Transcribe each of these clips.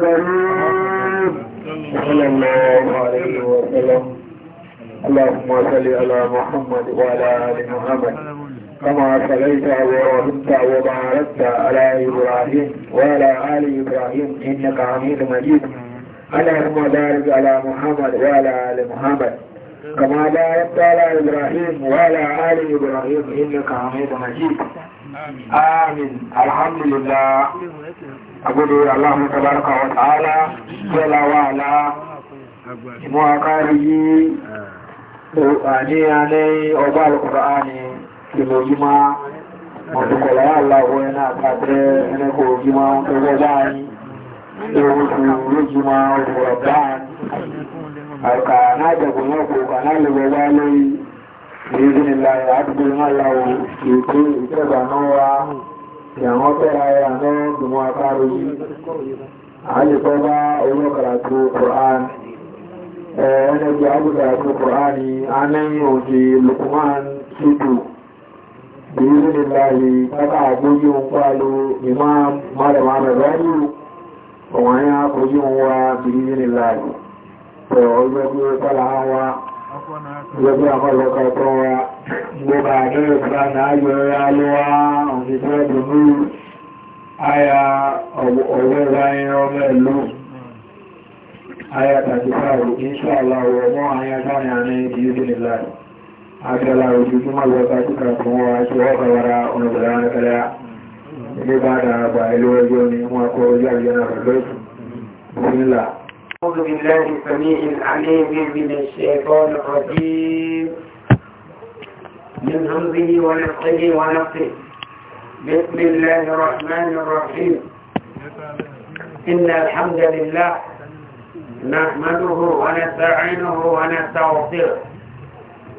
صلى الله عليه وسلم اللهم صل على محمد وعلى آل محمد كما صليت وربت وباركت على إبراهيم وعلى آل إبراهيم إنك حميد مجيد اللهم بارك على محمد وعلى آل محمد كما باركت على إبراهيم وعلى آل إبراهيم إنك حميد مجيد آمين الحمد لله أقول اللهم تبارك وتعالى جل وعلا مواقعي أني أني أبا القرآن كمجمع Ọdúnkọ̀ láyá aláwọ̀ ẹ̀nà àpàtẹ́ ẹnẹ́kọ̀ òjúmọ́ tó rẹ̀ báyìí, ìrọ̀rùn lójúmọ́ òwúrọ̀ báyìí, àkà náà àdúgbò náà láwọ̀ ètò ìtẹ́bà náà wá ìyàwó tẹ́ra ẹ̀yà náà dùnmọ́ àtàrò yìí àyíkọ́ bá owó karatu Qur'an ẹ̀ẹ́nẹ́gbẹ̀ abu karatu Qur'an ni a lẹ́yìn òjì Lukman Shitu bí i rí láàrí kákà àgbójí ohun pàlú imam malama mẹ́bẹ́rú ọ̀wọ̀n ya àgbójí ohun wa bí gbogbo àkọlọ̀kọ̀ ẹ̀kọ́ wa gbogbo àdúrà ìfúnná ayọ̀rẹ́ alówá òṣìṣẹ́ ìdùnnú aya ọ̀gbẹ́ra ẹran ọmọ ìlú aya tàbífààrù ìṣàlá ọmọ aya sáyà ní ìdíyébìnlá àtàlà òṣìṣúmọ̀ lọ́ta títà fún wa tí wọ́n kọwàrá ọ̀nàbẹ̀rẹ̀ arẹ́kẹ́lẹ́ ilé bá dára bà ilé ọjọ́ ni wọ́n kọ́ ojú àjẹ́ náà pẹ̀lú ìfún أعوذ بالله السميع العليم من الشيطان الرجيم من همزه ونفسه ونفسه بسم الله الرحمن الرحيم إن الحمد لله نحمده ونستعينه ونستغفره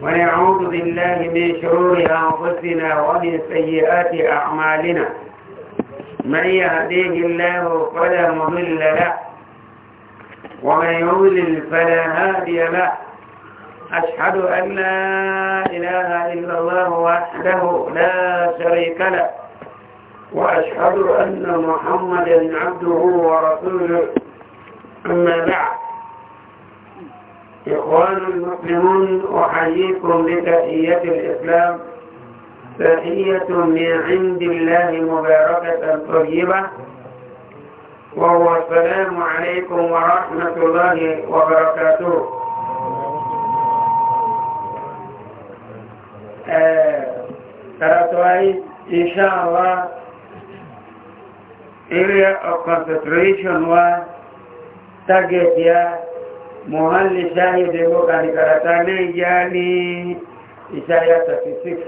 ونعوذ بالله من شرور أنفسنا ومن سيئات أعمالنا من يهديه الله فلا مضل له ومن يضلل فلا هادي له أشهد أن لا إله إلا الله وحده لا شريك له وأشهد أن محمدا عبده ورسوله أما بعد إخوان المسلمون أحييكم بتحية الإسلام تحية من عند الله مباركة طيبة وهو السلام عليكم ورحمة الله وبركاته تراتوائي إن شاء الله area of concentration wa target ya muhalli shahid ko kan karata ne yani isaya 36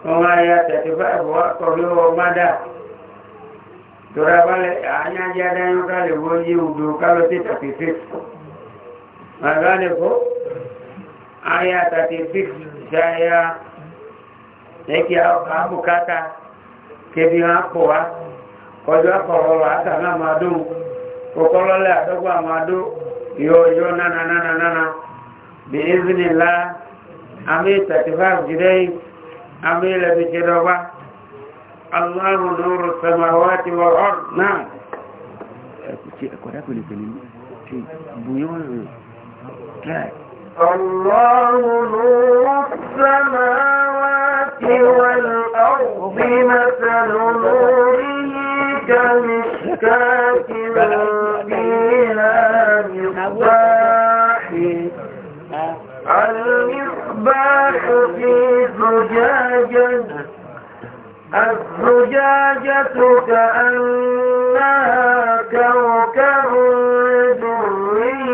kuma ya 35 wa ko mada tọ́ra balẹ̀ àyájá dáyọ́ kálẹ̀ wọ́n yí odò kálọ̀ sí 36 bàbá lè k'ebi àyà 36 ṣáyà lẹ́kí àbùkátà kébí wọn pọ̀ wá kọjú àkọ̀rọ̀ àtàlà máa dó kòkọ́lọ́lẹ̀ àdọ́gbà na na na na na. nánà bí ìzìnlá àmì 35 jìdẹ́ àmì ilẹ̀ bí الله نور السماوات والأرض نعم الله نور السماوات والأرض مثل نوره كمشكاة فيها مصباح المصباح في زجاجة الزجاجة كأنها كوكب دري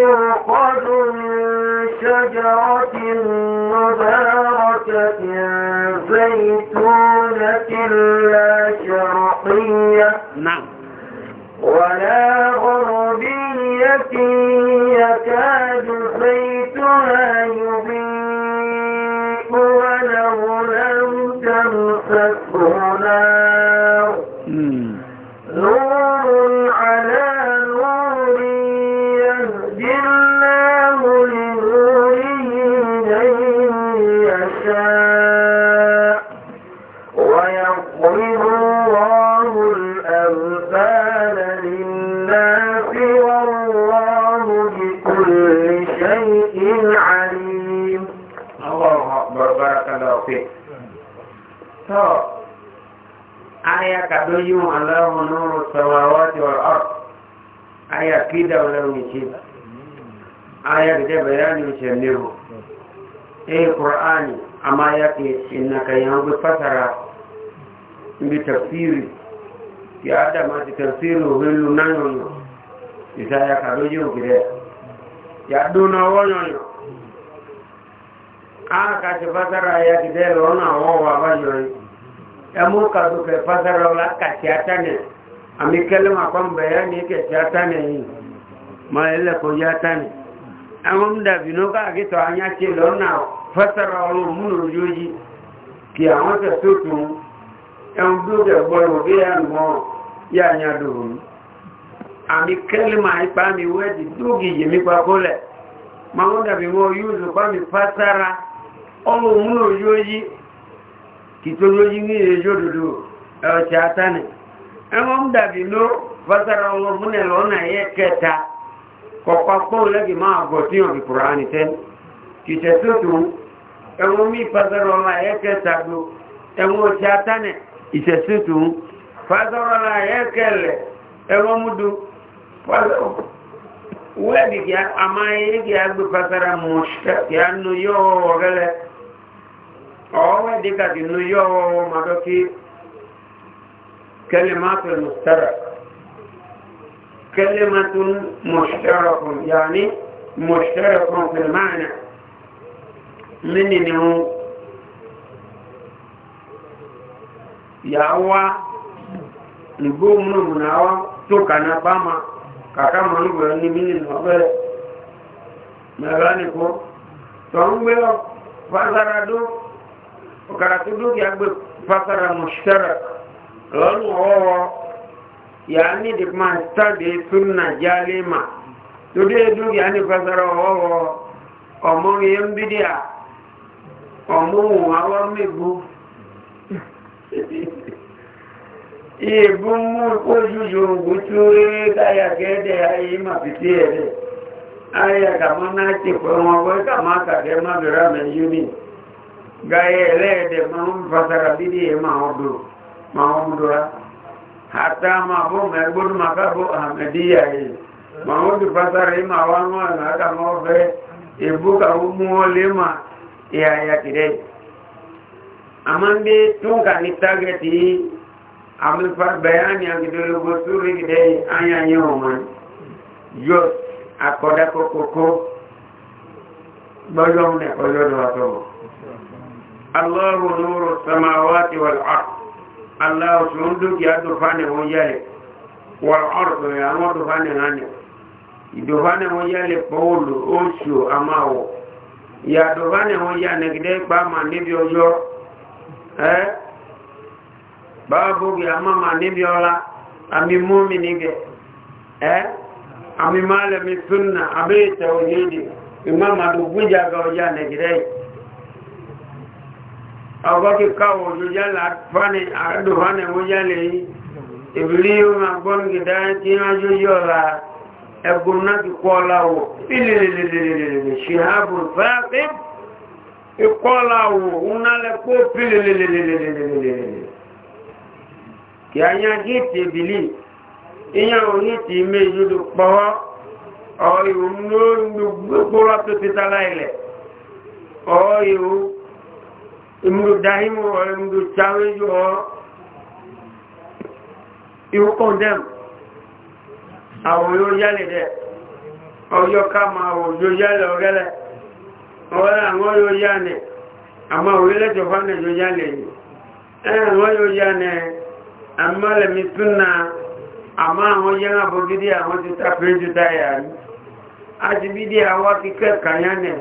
يوقد من شجرة مباركة زيتونة لا شرقية نعم ولا tó yí wọn aláwọ̀ lóòrò sọ̀wọ́wọ́ ti wà ọ́ ayà kídà ọlọ́run ìṣe ayà gẹ̀dẹ̀ bẹ̀rẹ̀ ní ìṣẹ̀lẹ̀ o ee kùránì àmà ayà kì ìnàkà yẹn gbé pàtàrà níbi tafsiri kí ádámà ti tafsiri òhun lu náà yọ̀nà ìsáyà kàdójú òkèrè yàdúnà wọ́nyọ̀nyọ̀ a kà ti pàtàrà ayà gẹ̀dẹ̀ lọ́nà àwọn wà báyọ̀ yìí ẹmú kàtòkè fásarọ la ka àtànẹ àmì kẹlẹ mà kọ́ mbẹ̀yà ní kẹtì àtànẹ yìí mà ẹlẹ kò ne àtànẹ àwọn dàbí ní ká àkìtọ̀ anyá ti lọ́nà fásarọ ọlọ́run múnú lójú kí àwọn tẹ̀ tó tún ẹ̀hún tó ya ipa mi mi pa wọn yóò lò bá mi mụ na múnú lójú kìtòlójú ní èjò dúdú ẹ̀ọ̀tẹ̀ àtàní ẹwọ́n ń dàbí ló fásara wọn fún ẹ̀lọ́ ọ̀nà ẹ̀yẹ kẹta kọ̀pápọ̀ lẹ́gì máa gọ̀ tí wọ́n fi kùrọ̀ àní tẹ́ kìtẹ̀ tó tó ẹwọ́n mí fásara ọ̀nà ẹ̀yẹ kẹta gbó ẹwọ́n ọ̀tẹ̀ àtàní ìtẹ̀ tó tó fásara ọ̀nà ẹ̀yẹ kẹlẹ̀ ẹwọ́n mú fásara mọ̀ kí a ọwọ́ ìdíkà ti nú yọ ọwọ́ madọ́kí kẹlẹ̀mátò mùsítẹ́rà kẹlẹ̀mátò mùsítẹ́rà fún yà ní mùsítẹ́rà fún fìlmáàna mini ni wọn yà wá ìgbó múnàmùnà wá tó kàná bá ma kàkà mọ̀ nígbà ní mini nà ọbẹ̀rẹ̀ mẹ́rẹ́ nìkó tọ́ ń gbé ọ fásara karatu duki agbe fasara mushtarak lọ́nà ọwọ́ yàá ní di máa tàbí súnà jálé mà torí duki yàá ní fasara ọwọ́ ọmọ yẹn bídíà ọmọ ibu àwọn mẹ́gbó ìbú mú ojúṣe ògùn tí ó rí káyà gẹ́ẹ̀dẹ̀ ayé mà fi sí ẹ̀rẹ̀ ayé àkàmọ́ náà ti pẹ̀ wọn wọ́n gaye elede manum fasara bidi ma odu ma odura hata ma bo megbur maka bo ahmedia yi ma odu fasara ma wanwa na ka mo be ibuka umu lema ya ya kire amande tunka ni targeti amal far bayani yang dulu gusuri gede anya nyoman yo akoda kokoko bojo ne الله نور السماوات والأرض الله سندك يا دفان وجالك والأرض يا ما دفان هاني دفان وجالك بول أوشو أماو يا دفان وجالك ده بما نبي وجو eh babu ya mama nibi ola ami mu'mini ge eh ami malami sunna abe tawhidi imam abu buja ga wajane gidai ọgọ́kí káwọ̀ òjòjá láfánì àádùfánì mújá lè yí ìbìlí yóò máa gbọ́n gìdá tí wọ́n jó yọ́ la ẹgbùn náà ti kọ́ láwọ̀ pílìlìlìlìlìlì ṣìhábù fẹ́ ikọ́ láwọ̀ unálẹ́kọ́ pílìlìlìlìlìlì kí ìmúdò dáhìmù ọ̀ ìmúdò challenge ọ̀ ìwú condemn àwọn yóò yálẹ̀ dẹ̀ ọjọ́ ká máa wò yóò yálẹ̀ ọ̀rẹ́lẹ̀ àwọn yóò yálẹ̀ àmọ́ orílẹ̀-èdè yóò yálẹ̀ yìí ẹ̀rẹ̀ wọ́n yóò yálẹ̀ a ti bí dí àwọn kíkẹ́ kàyánẹ̀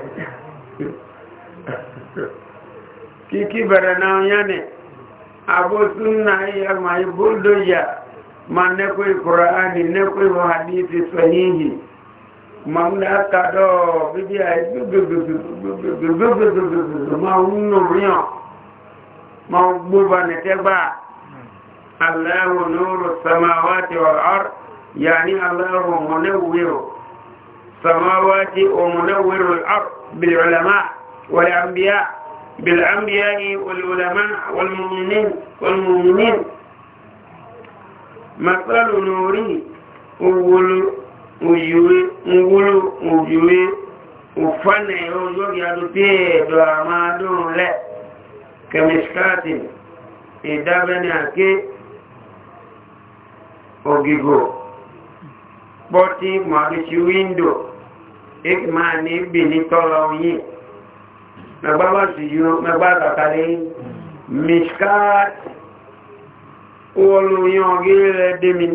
kiki barana yane abotun na ya mai buldoya ma ne ko qur'ani ne ko hadisi sahihi ma na ka do bibiya ma unno riyo ma buba ne te ba allah nuru samawati wal ard yani allah munawwiru samawati wa munawwiru al ard bil ulama wal anbiya' بالأنبياء والعلماء والمؤمنين والمؤمنين مثل نوري أول أجوي أول أجوي أفنى أجوي أدوتي دعمادون لا كمشكات إذا بني أكي أجيبو بوتي مالش ويندو إكماني بني طلعوني mgbagba si mgbagba kakadị mishikadị ụọ lụọ ụnya ọ gị ile edemị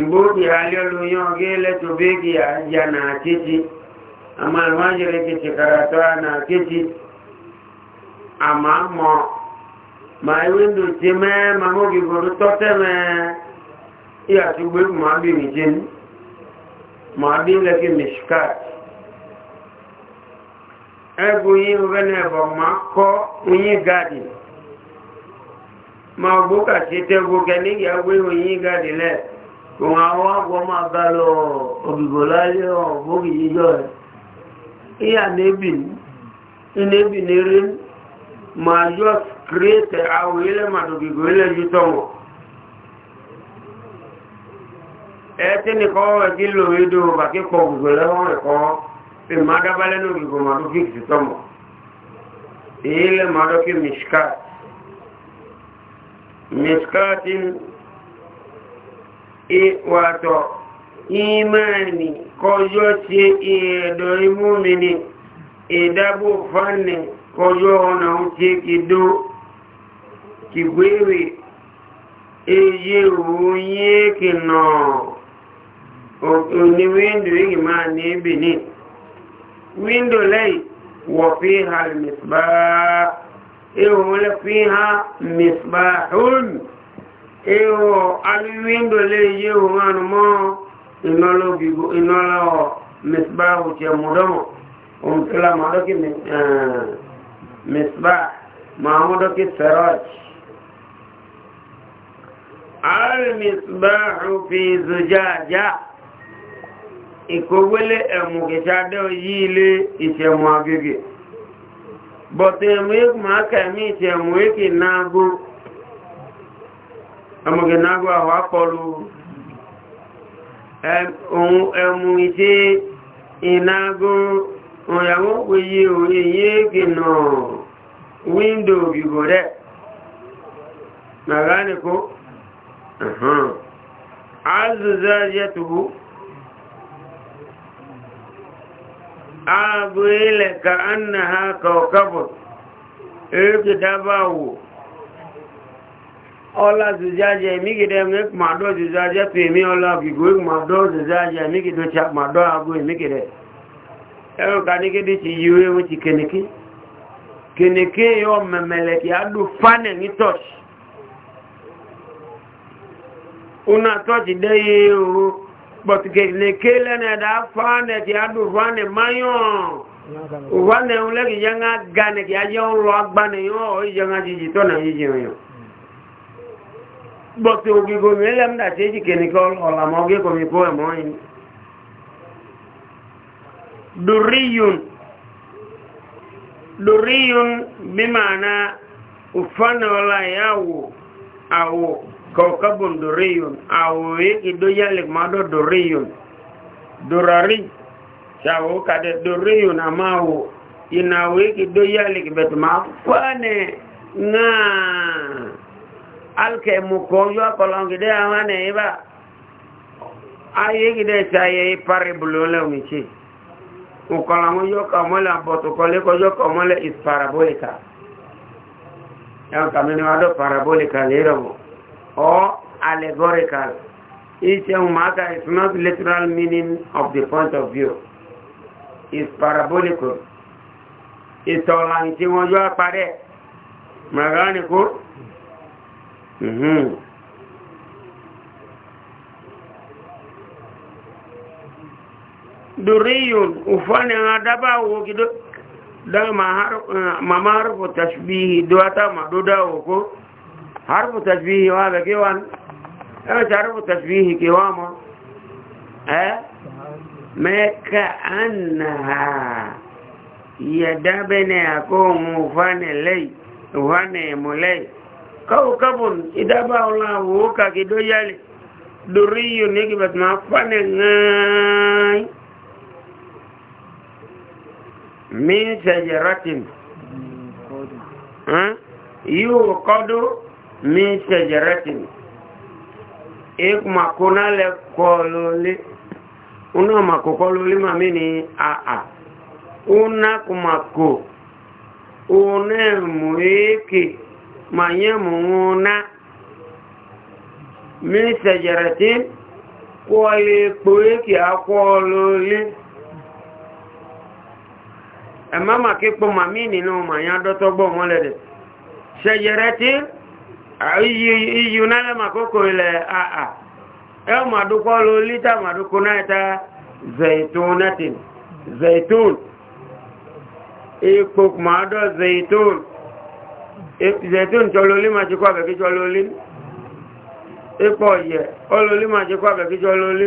mbọ gị alịọ lụnya ya na-akị echi ama ama jiri kechikara taa na-akị echi ama mọ ma windo teme ma nwoke goro tọte mee ịgasị ogbe ma abịaghị emi ma abịa ile ke ẹgbù yí ọgbẹ́nà ẹ̀bọ̀ ma kọ́ onye-gadi ma gbó kàṣẹ tẹ́gbó kẹ́lẹ́gì agbé oyin gáàdì lẹ̀ òun àwọn àgbọ̀ ma bá lọ ògìgò lálẹ́ ọ̀gbógi yíjọ́ rẹ̀ ìyà nébì nébì ma yọ kírètè àwọ̀ ilẹ̀ màdògìgò ilẹ̀ yìí tọ̀wọ̀ ẹ tí nìkan bàkí ẹ̀kọ́ pe magabalẹ ní ògìgò màdó kí kìí tọmọ èyí lẹ màdó kí mishkat mishkatin ìwàtọ ìmẹ́ni kọjọ́ tí ìẹ̀dọ̀ imú mi ni ìdábò fánni kọjọ́ ọ̀nà tí kìdó kìgbéwè èyí òun yé kìnnà òníwéndò yìí máa ní ebè ní windo lẹ́yìn wọ̀ fi ha mìsbà ihò lẹ́ fi ha mìsbà hún ihò alú windo lẹ́yìn yíò hàn mọ́ ìnọ́lọ́ mìsbà òjẹ̀ mọ́dọ́mọ̀ ohun tí la máa dọ́kì mìsbà máa mọ́ dọ́kì في زجاجه ìkòwélé ẹ̀mù kìsádẹ́ yí ilé ìṣẹ̀mù agègè bọ̀tí ẹ̀mù ikú máa kẹ̀mí ìṣẹ̀mù ikì náàgó ẹmùgì náàgó àwọn akọlù emu ìṣẹ́ ìnáàgó òyàwó péye òye yéèkì náà wíńdò ìgò rẹ̀ màgánìkó azùzá yẹ́tùbú ààbò ilẹ̀ ka an na ha kọ̀ọ̀kọ̀bọ̀ erégidaba wò ọlá zùzájẹ́ ìmígidẹ́ mẹ́kùnmàdọ́ zùzájẹ́ pèmí ọlá gbìgbò ìkùnmàdọ́ zùzájẹ́ ìmígidọ́ chapmàdọ́ àgbò ìmígidẹ́ ẹ̀rọ e kaníkédé ti yíwé wọ́n ti kẹnìké kẹnìké yọ mẹ̀mẹ̀lẹ̀ kí á dò n'i e ní una tọ́ọ̀ṣì dẹ́yẹ ooo but geleke lene da fane ti adu fane mayon fane un legi yanga gane ki aje un ro agbane yo o yanga jiji to na jiji yo but o gi go melem da teji keni ko ola mo gi ko mi ko e mo yin duriyun duriyun bi mana ufana wala yawo awo kọ̀ọ̀kọ́bùn dòríyùn àwòrán ìdóyẹ̀lẹ̀ mọ́dọ̀ dòríyùn dòrọ̀rí ṣàwó kàdẹ̀ dòríyùn àmáwò ìnàwó ìdóyẹ̀lẹ̀ ìbẹ̀tùmá fọ́nẹ̀ náà alkẹ̀mùkọ́ yọ kọlọ̀ngidẹ́ àwọn ẹ̀ ibà ayé gidẹ́ ṣayẹ ìparí bùlọ́lẹ̀ òmìṣe òkọlọ̀wọ́ yọ kọmọ́lẹ̀ àbọ̀tùkọ́lẹ́kọ́ yọ kọmọ́lẹ̀ is parabolica ẹ̀wọ̀n kàmínú adọ́ parabolica lérọ̀wọ̀ or allegorical. Each umaka is not literal meaning of the point of view. It's parabolical. Ìtọ̀ lànà tí wọ́n yọ́ àparẹ́. Màgánìkú. Mm-hmm. Duriyun, ufani ha daba wo gido, da ma harfu uh, tashbihi, duwata ma duda wo ko? harfu tasbihi wa be kewan e ta harfu tasbihi kewamo eh meka anha yadabene ako mufane lei wane mulei kawkabun idaba Allahu ka kidoyali duriyu niki batma fane ngai min sajaratin yuqadu min shajaratin ikuma kuna le kololi una mako kololi mamini a a una kumako una muiki manye muuna min shajaratin koli kuiki a kololi ẹ̀mọ́mà kí pọ̀ màmí nínú màyá dọ́tọ́gbọ̀ mọ́lẹ̀dẹ̀ shajaratin iyu nálẹ́ màkókò ilẹ̀ àà ẹ màdúkọ́ ló lítà màdúkọ́ náà ta zaitun natin zaitun ipò màádọ́ zaitun zaitun tọ́lólí ma ti kọ́ àbẹ̀kí tọ́lólí ipò ọ̀yẹ̀ ọlólí ma ti kọ́ àbẹ̀kí tọ́lólí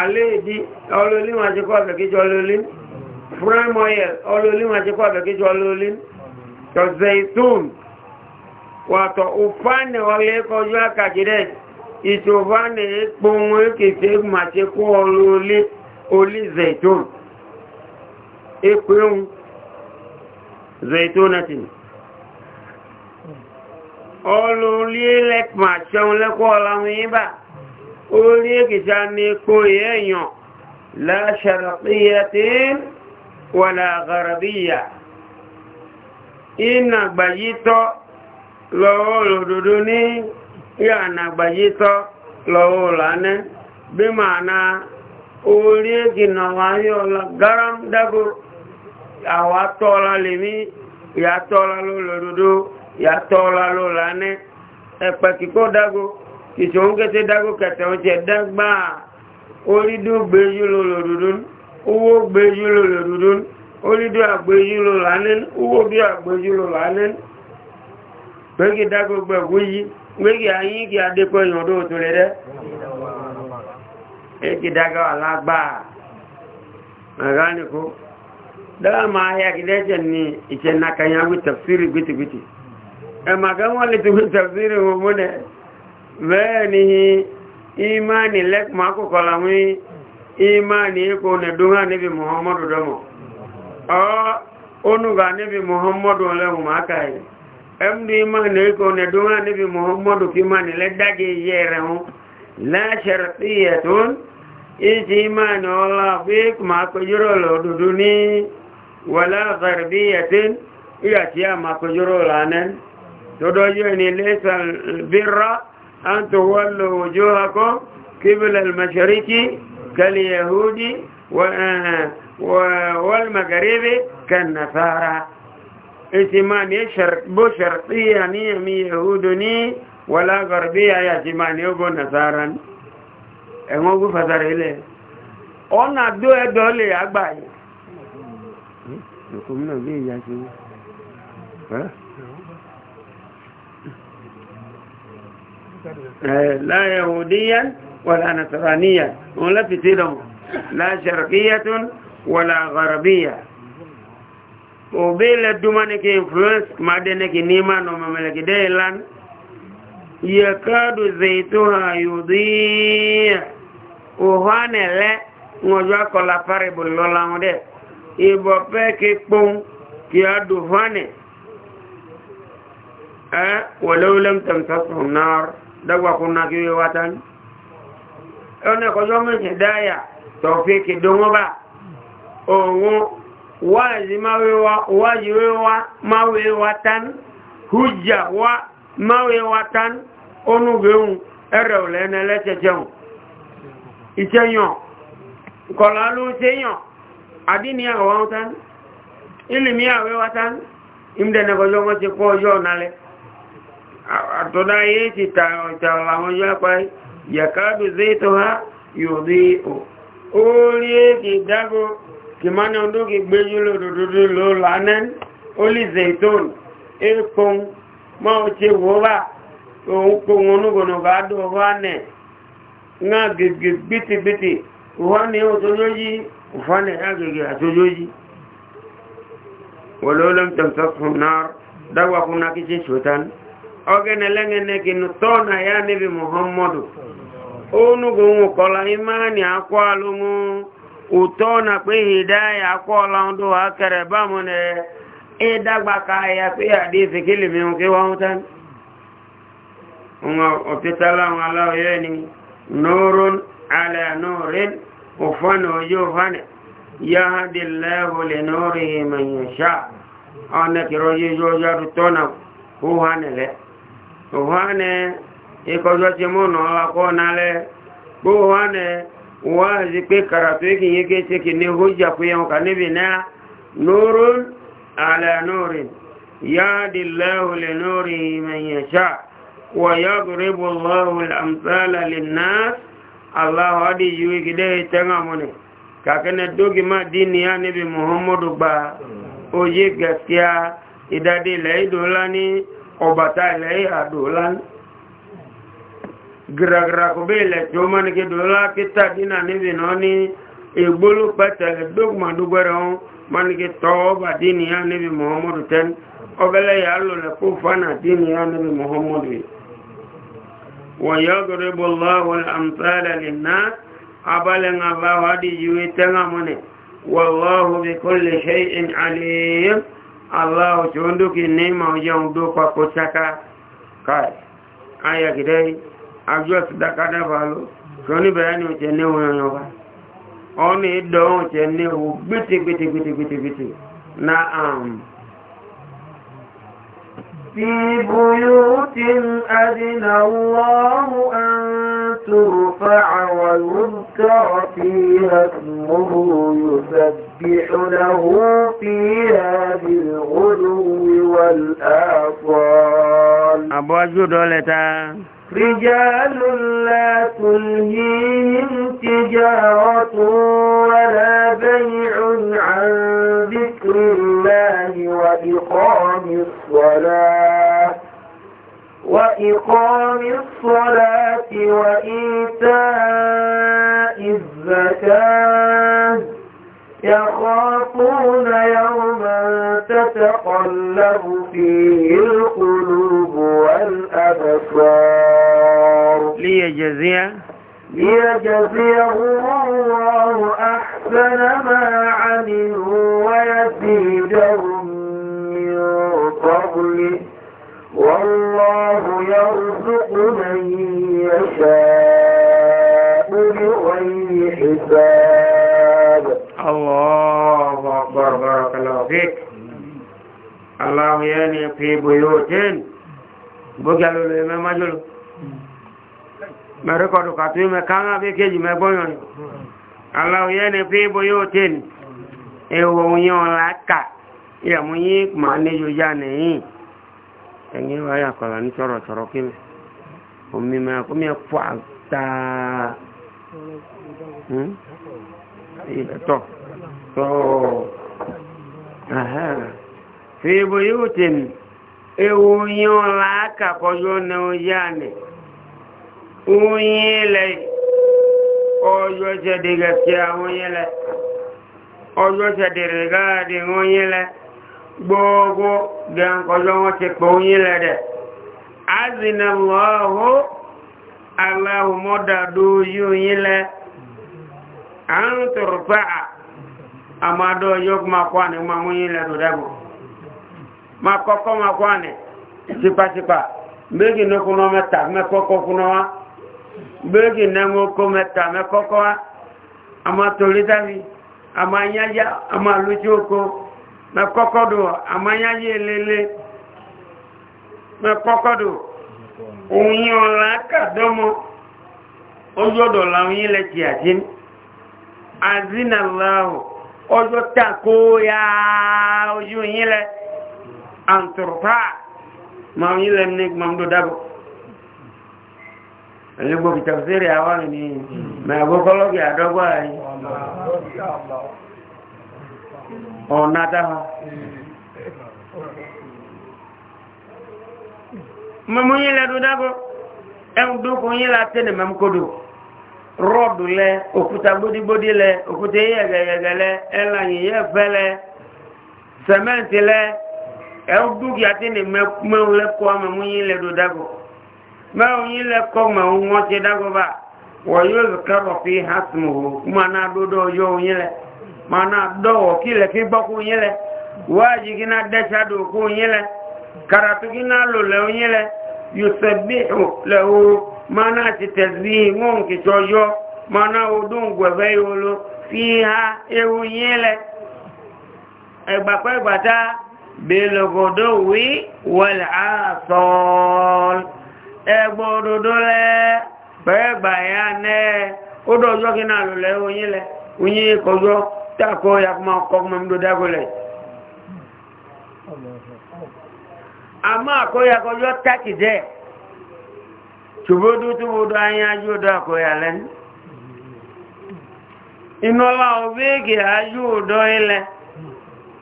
àléèdí ọlólí ma ti kọ́ àbẹ̀kí tọ́lólí prime oil ọlólí ma ti kọ́ àbẹ̀kí tọ́lólí tọ́ zaitun wato upande walikoju akajire itovane kpongwe kisegu mace ku oluli oli zaitun ikun zaitunatin oluli lek maceun leku olamu iba oli kisa ni ku yeyan la sharqiyatin wala gharabiya ina gbayito lọ́wọ́ lòdòdó ní ìyànà àgbàyítọ́ lọ́wọ́ lánẹ́ bí màá na orí ègìnà wáyé ọ̀la garam dábò àwọn atọ́ọ̀la lèmi ìyàtọ́ọ̀la ló lòdòdó ìyàtọ́ọ̀la ló lánẹ́ ẹ̀pẹ̀ kẹtẹ̀ ló lòdòdó owó ló lòdòdó wégi dágbogbo ẹ̀kú yí wégi ayín kí adékọ́ èèyàn tó tó lè rẹ́ èkì dágbà alágbàá mẹ́gáníkó dáàmà ayàkìdẹ́ṣẹ̀ ní ìṣẹ́nàkànyàwó tafsiri gbìtìgbìtì ẹ̀màkà wọ́n ni ìmáni lẹ́kùnmọ́ akókọ̀lá wí ìmáni muhammadu ọ́ onúgà níbi muhammadu lẹ́hùn máa ẹmdí máa ní ikọ̀ nẹ̀dúnmá níbi muhammadu kí máa nílẹ̀ dájé iye rẹ̀ hún láṣẹ̀rẹ̀ sí ẹ̀tún ìtì máa ní ọlá bí máa pẹjúrò lọ́dúdú ní wàlá àfẹ́rẹ̀ bí ẹ̀tún ìyàtí a máa pẹjúrò lánẹ́ tó dọ́jú ẹni lẹ́sàn bíra án tó wọ́n lò ojú akọ́ kíbílẹ̀ mẹ́ṣẹ̀ríkì kẹlẹ̀ yahudi wọ́n mẹ́gàríbí kẹ́ nàfàrà ìtìmá ní bó ṣartíyà ní ẹ̀mí yahudu ní wàlá gọ̀rọ̀bíyà yà ti máa ní ogun nasara ní ẹ̀wọ̀n ogun fàtàrí ilẹ̀ ọ̀nà dó ẹ̀dọ́ lè agbáyé ìkòmínà bí ìyá ṣe eh, wọ́n láyé yahudiya wàlá nasaraniya wọn láti tí lọ láyé ṣartíyà tún wàlá gọ̀rọ̀bíyà o obele dumane ke influence madene ke nima no mamele ke delan yakadu zaituha yudhi uhanele ngojwa kola pare bolola ngode ibo pe ke a do aduhane eh walau lam tamsasu nar dagwa kuna ki watan ona e ko jomo daya tawfiki dongo ba o owo wazi mawewa mawe watan hujja wa mawe watan erewle na lẹ́sẹ̀jẹun ìṣẹ́yàn kọ̀lá ló ṣẹ́yàn àdíní àwọn tán ilimi àwẹ́wá tán ìmdẹ̀nẹ̀kọjọ́ wọ́n ti kọ́ ọjọ́ ọ̀nálẹ́ àtọ́dá yé ti ta ọ̀tà àwọn ọjọ́ yakadu ha yóò dé ò ó kìmánà ọdúnkì gbéjú lòdòdó ló lánẹ́ olè zeyton ekpon mọ́ ọ̀chẹ́ wọ́wà òun kpon onúgbònà bá dùn ọwọ́ gègé wọ́n ní òtòjójì wọ́n ní àgègè àtòjójì wọ́n lọ́lọ́m tẹ̀sán fún náà dáwà fún náà kí ṣe ṣòtán ọgẹ́nẹ lẹ́gẹ́nẹ kì ní tọ́nà yá níbi muhammadu onúgbònà kọ́lá imáni àkọ́ àlómọ́ ụtọ na kpe hidaya akwọla ndụ ha kere ba na ịdagba e ka ya kpe ya dị ifikili m nke wahụta nwa opitala nwala oye ni nurun ala nurin ufana oye ufana ya ha dị lehu le nurihi man yasha ọ nekere oye ju oye arụtọ na uhanele uhane ikọjọ ti mụ na ọlakọ n'ale bụ uhane wazi pe karatu yake yake cheki ni hujja kuyanka nibi na nurun ala nurin yahdi llahu linurihi man yasha wa yadribu llahu al-amthala lin-nas allah hadi yuwi gide tanga mune kakene dogi ma dini ya gìràgìrà kò bẹ́ẹ̀ lẹ̀ tí ó máa ní kí dùn lákítà dínà níbi náà ní ìgbóló pẹ̀tẹ̀lẹ̀ dógùmàdúgbẹ̀rẹ̀ wọn máa ní kí tọ́wọ́ bà dínìyà níbi muhammadu tẹ́n ọbẹ̀lẹ̀ yà á lò lẹ̀ kó fánà dínìyà níbi muhammadu wọ́n yọ gẹ̀rẹ́ bọ́ lọ́wọ́ àmsálẹ̀ lè ná abalẹ̀ ń aláwọ̀ adì yìí tẹ́ngà mọ́nẹ̀ wọ́lọ́wọ́ bí kò lè ṣe in àlèyé aláwọ̀ tí ó ń dókì ní ìmọ̀ ọjọ́ ń dó papọ̀ ṣáká káì ayàgídẹ́yìí agbẹ́ ṣìdákádá bá lọ kí wọ́n níbẹ̀rẹ̀ ní oúnjẹ ní wọn yọ bá wọ́n ní ìdọ̀ oúnjẹ ní ewu gbítìgbítìgbítìgbítì na àm um, fi búyú tí adìnà wọ́ọ̀mù àtúrùfà àwọn olùkọ́ fi hàtùmọ́rù yóò sàbíhùnáwó fi hàbí olùwíwàl رجال لا تلهيهم تجارة ولا بيع عن ذكر الله وإقام الصلاة وإقام الصلاة وإيتاء الزكاة يخافون يوما تتقلب فيه القلوب والأبصار ليجزي ليجزيهم الله أحسن ما عملوا ويزيدهم من فضله والله يرزق من يشاء بغير حساب الله أكبر بارك الله فيك الله يعني في بيوت بقالوا الإمام مجل مركض قطوي مكانا بكيج مبنون الله يعني في بيوت ewo yin ọ̀la kà ìyàmú yí màá ní yóò yá nìyí ẹ̀yìn wáyà kọ̀lá ní sọ̀rọ̀sọ̀rọ̀ kí mi omi máa kó mi fọ́ àtàà hmm? ìtọ̀ tó fèèbò yóò tèmi ewu yíò láàkà kọjọ́ ní oyá nì oyin ilẹ̀ ọjọ́ ṣẹ̀dẹ̀gẹ̀ sí àwọn ilẹ̀ ọjọ́ ṣẹ̀dẹ̀rẹ̀ gáàdì oyin ilẹ̀ gbogbo dẹ̀nkọjọ́ wọn ti pọ̀ yí lẹ́dẹ̀ azina aláhùmọ́dàdó yóò yí lẹ́ a ń tọrọpá àmàdọ́ yóò máa kọ́ àní máa mú yí lẹ́dọ̀ dẹ́gbọ̀ ma kọ́kọ́ máa kọ́ àní sípasípa méjì ní kúnná mẹ́ta mẹ́kọ́kọ́ kúnná wá méjì nẹ́mọ́kọ́ mẹ́ta mẹ́kọ́kọ́ àmà àmà àmà mẹ kọ́kọ́ do àmọ́nyáyé lele mẹ kọ́kọ́ do òun yẹn ọ̀la kàdọ́mọ́ ọjọ́ dọ̀la òun yẹn lẹ ti àti azínàláwò ọjọ́ tako ya ojú yẹn lẹ àǹtọ̀rọ̀pá ma òun yẹn lẹ ní gbọmọdọ̀ dábọ̀ ẹ̀lẹ́gbọ̀n kìtàkùsẹ̀rẹ̀ àwọn ènìyàn mẹ hmm. àgbọ̀kọ́lọ́gì àdọ́gbọ̀ àyè. ọ̀nàdá ha mmemme yí lẹ́dú dágọ́ ẹ̀hùn dókò yí la tẹ́lẹ̀ mẹ́mú kodò rọ́ọ̀dù lẹ òkúta gbódígbódí lẹ òkúta yẹ̀gẹ̀yẹ̀gẹ̀ lẹ ẹ̀lànyìn yẹ̀ le, sementi le, lẹ ẹ̀hùn dúkìá tẹ́lẹ̀ mana dɔwɔ kile k'i gbɔ k'o nyelɛ waaji kina dɛsɛ do k'o nyelɛ karatu kina lolɛ o nyelɛ yusubihu lɛwo mana ti tɛsbihi ŋun kitsɔ yɔ mana o dun gbɛbɛ yolo fiha ewu nyelɛ ɛgbakɔ ɛgbata belogodo wi wɛlɛ asɔɔl ɛgbɔdodo lɛ pɛgbaya nɛ o dɔjɔ kina lolɛ o nyelɛ o nye kɔjɔ. chako ya kuma kokuma mdo dagole ama ko ya ko yo taki de tubodu tubodu anya ju da ko ya len inola obege aju do ile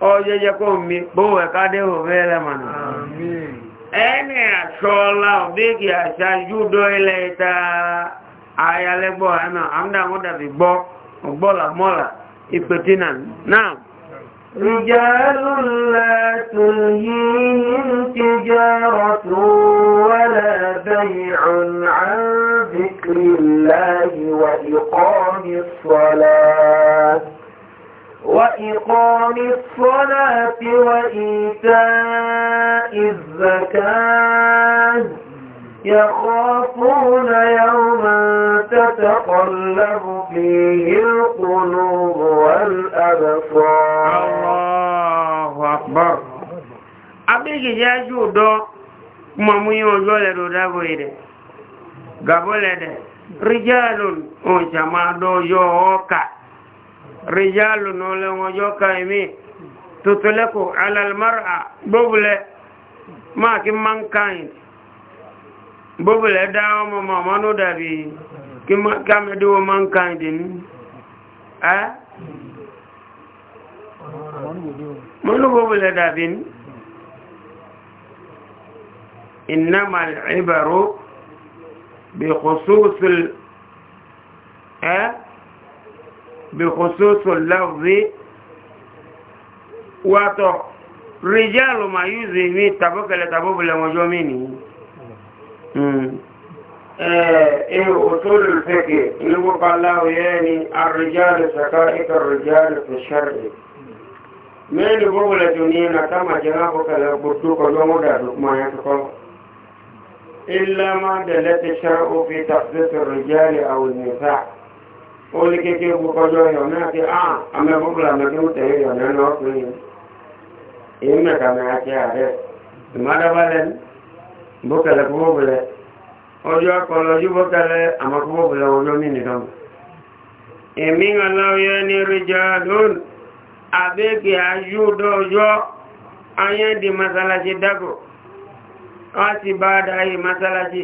e ojeje ko mi bo e ka de o vele man amen ene a obege aju do ile e ta bo ana amda moda bi gbo bo la mola إبتنان نعم رجال لا تلهيهم تجارة ولا بيع عن ذكر الله وإقام الصلاة وإقام الصلاة وإيتاء الزكاة يخافون يوما تتقلب فيه القلوب والأبصار الله أكبر أبيك يا جودو مامي وجوه لدو gabolede rijalun onjamado yooka rijalun olengo yooka imi tutuleku alal mara boble makimankind gbogbo ilẹ̀ dá ọmọ mọ̀mọ́ ló dàbí kámẹ́díwó máa ń ká ìdè ní ẹ́ mọ́ ló gbogbo ilẹ̀ dàbí ní ìnáma ìbẹ̀rú bí kòsóòsù láwùzí wátọ̀ ríjálù ma yúzì ní tàbókẹlẹ̀ tàbókẹlẹ̀ wọjọ́ mí nìyí أصول الفقه يبقى الله يعني الرجال سكائك الرجال في الشر من بغلة نينا كما جنابك لبطوك لمدى ما يتقل إلا ما دلت الشرع في تخصيص الرجال أو النساء قولك كيف بقجوا هناك آه أما بغلة مجموعة هي أنا نوصلين إنك معك يا عرف ماذا بلن؟ bókẹ̀lẹ̀ kó mọ́bìlẹ̀ ọjọ́ akọlọ yóò bókẹ̀lẹ̀ àmọ́kọ́mọ́bìlẹ̀ ọjọ́ mìnìkan èmi aláwọ̀yẹ́ ní ríjà lónìí àbẹ́kẹ̀ ayúdọ́jọ́ ayẹ́dì masalasi dágò láti bá dáyé masalasi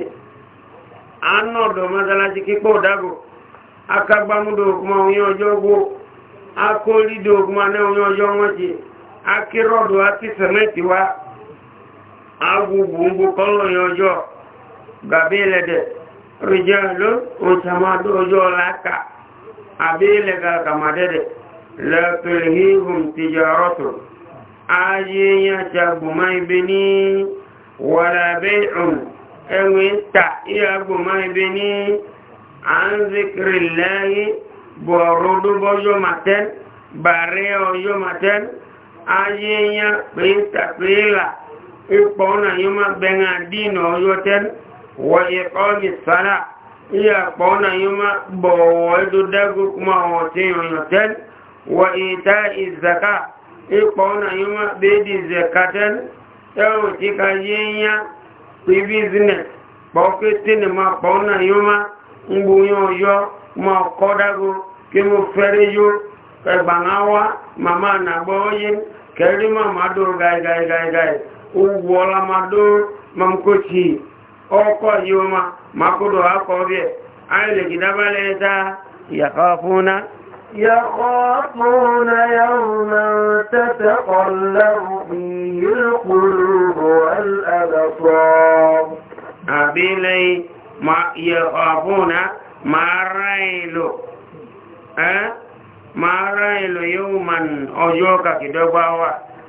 anọ́dọ̀ masalasi kíkọ́ dágò akagbámúdò òkúmọ̀ oyún ọjọ́ gbó akólídò òkúmọ̀ náà oyún ọjọ́ wọ́n ti akírọ̀dọ̀ àti sẹ̀mẹ́tì wá agbùgbùngbù kọlọ̀yìn ọjọ́ gàbí ilẹ̀dẹ̀ ríjẹ́ ló òtàmádó ọjọ́ láàkà àbí ilẹ̀gà kàmàdẹ́dẹ̀ lẹ́tọ̀lẹ̀híhùn ti jẹ́ ọ̀rọ̀tọ̀ ayéyàn ti agbùmá ibi ní wàlàbẹ́ ìrùn ẹwẹ́ ta ìyàgbùmá ibi ní à ń zikiri lẹ́yìn bọ̀rọ̀dúbọ́jọ́ màtẹ́ bàrẹ́ ọjọ́ màtẹ́ ayéyàn pé tàpé là ipò ọ̀nà yóò máa bẹ̀rẹ̀ àdínà ọyọ́ tẹ́lẹ̀ wọ ipò sára iya yóò máa bọ̀wọ̀ ẹdù dẹ́gùn kúmọ̀ tí yọ̀nyọ̀ wọ yóò máa ẹ̀rùn ka kí mo yó màmá ugwu ọlamado mamkochi ọkọ yioma makodo akọ bẹ anyị legidabala ta yakafuna يخافون يوما تتقلب فيه القلوب والأبصار أبيلي ما يخافون ما رأيلو أه؟ ما رأيلو يوما أجوك كدباوات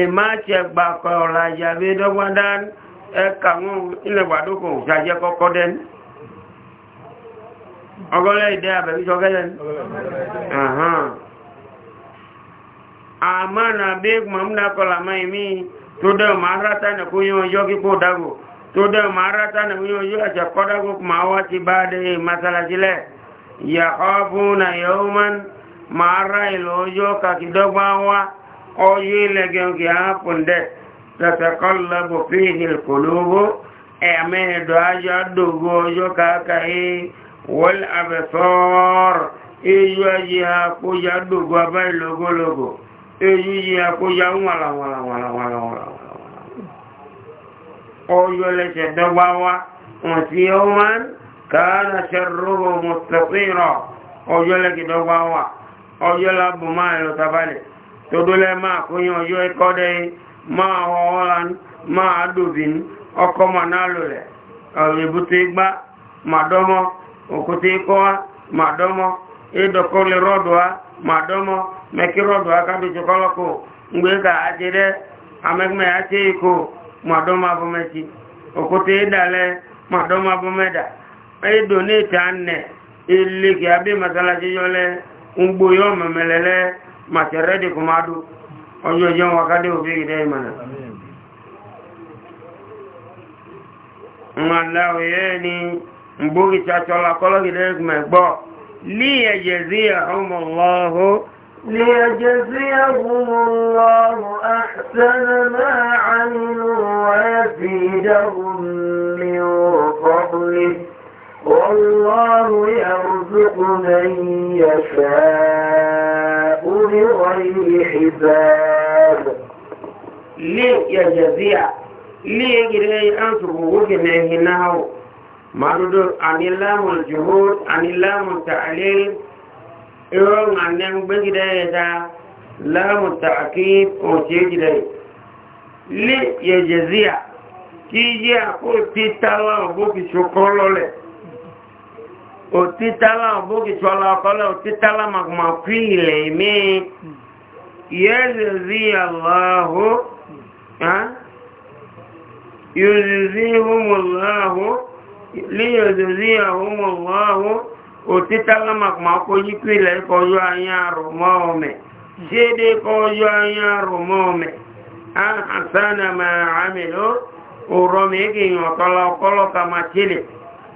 ìmáàtì ẹgbà kọ̀ọ̀rọ̀ àjàbí dọ́gbọ́dá ẹka wọn ilẹ̀gbàdókò jàjẹ́ kọ́kọ́ dẹ́n ọgọ́lẹ̀ ìdẹ́ àbẹ̀bí ṣọ́gẹ́lẹ̀ àmá nà bí mọ̀múnà kọlà mọ́ ìmí tó dẹ̀ ma rátà nà kó yíò yọ́ kíkó dágò tó dẹ̀ ma rátà nà kó yíò yọ́ ẹ̀ṣẹ̀ kọ́ dágò ma wá ti bá dé masalajilẹ̀ yà ọ́ fún nà yọ́ mọ́ ma rá ìlú ọjọ́ kàkìdọ́gbọ́n wá oyi lege hapunde tatakallabu fihi alqulubu ame do aja dogo yo kaka e wal absar eyu aji ha ko ya dogo abai logo logo eyu ya ko ya wala wala wala wala wala oyo leke dobawa وفي كان شره مستطيرا oyo leke dobawa oyo labu ma lo tabale todole ma kóyán ọjọ́ ikọ́dẹ́ máa ọwọ́lá máa dòbìn ọkọ́ ma náà lòlẹ̀ ọ̀rẹ́bùtẹ́ gbá màdọ́mọ́ òkúté kọ́wá màdọ́mọ́ ìdọ̀kọ́lẹ̀ madomo màdọ́mọ́ mẹ́kí rọ́dùá kábíjọ kọ́lọ́kọ́ ngbé ka àjẹ́dẹ́ amẹ́gbẹ́ àti ikò màdọ́mọ́ abọ́mẹ́tì òkúté ìdàlẹ́ màdọ́mọ́ abọ́mẹ́dà ìdò ní ìtàn ili ilé kìí yole umbuyo yọlẹ́ ngbóyọ́ matarrade kuma adu ọjọ́ jẹun wakadé òbí ìdá ìmọ̀nà ńláwọ̀ yẹ́ ni gbógi tàtọ́lá kọ́lọ́gìdá ìgbìmọ̀ ẹ̀gbọ́ ní ẹ̀jẹ̀ sí ọmọlọ́hó ليجزيهم الله أحسن ما عملوا ويزيدهم من فضله والله يرزق من يشاء بغير حساب ليه يا جزيع ليه جري أنصر وجنه نهو معرض عن اللام الجهود عن اللام التعليل يوم عن نعم بجدا لام التعكيد وتجري ليه يا جزيع كي يقول في تلا وبوك شكرا له òtítàlá òbókìtọ́lá ọkọ́lá òtítàlá màkùmàkù ilẹ̀ ìmí yẹ́zìzí aláhó yòzìzí húmùláhó líyòzìzí àhúmùláhó òtítàlá otitala yíkú ilẹ̀ kọjú ayá rùmọ́ ọmẹ ṣédé kọjú ayá anya ọmẹ àṣánà màá àmì ló òrọ̀ mẹ́kì ìyàn ọ̀tọ́lá ọkọ́lọ́ kàmà chile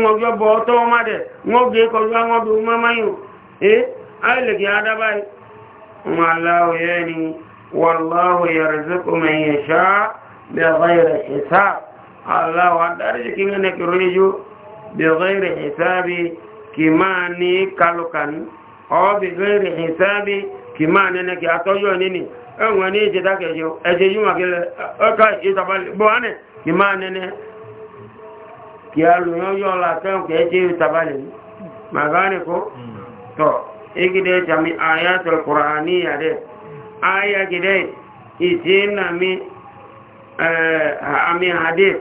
ŋɔjɔ bɔ tɔw ma dɛ ŋɔge kɔjɔ ŋɔdo mama yi o ee ya lege adaba yi ŋɔ o yɛ ni walahu yarizuku man yasha bi ghayri hisab alahu adarisi ki ŋa nekiro yi jo bi ghayri hisabi kimaa ni kalo kani ɔɔ bi ghayri hisabi kimaa nene ki atɔjɔ ni. eŋɔ ni ejita kɛjɛ ɛjɛ yi ma kele ɛka e itabali bɔ anɛ kimaa nene. kí a lò yọ́ yọ́ látẹ́wọ̀n kẹ́ jẹ́ ìtàbálẹ̀ magani ko tọ́ ikide jami ayatul ƙorani ya dẹ̀ aya gide isi na mi eh, ami hadith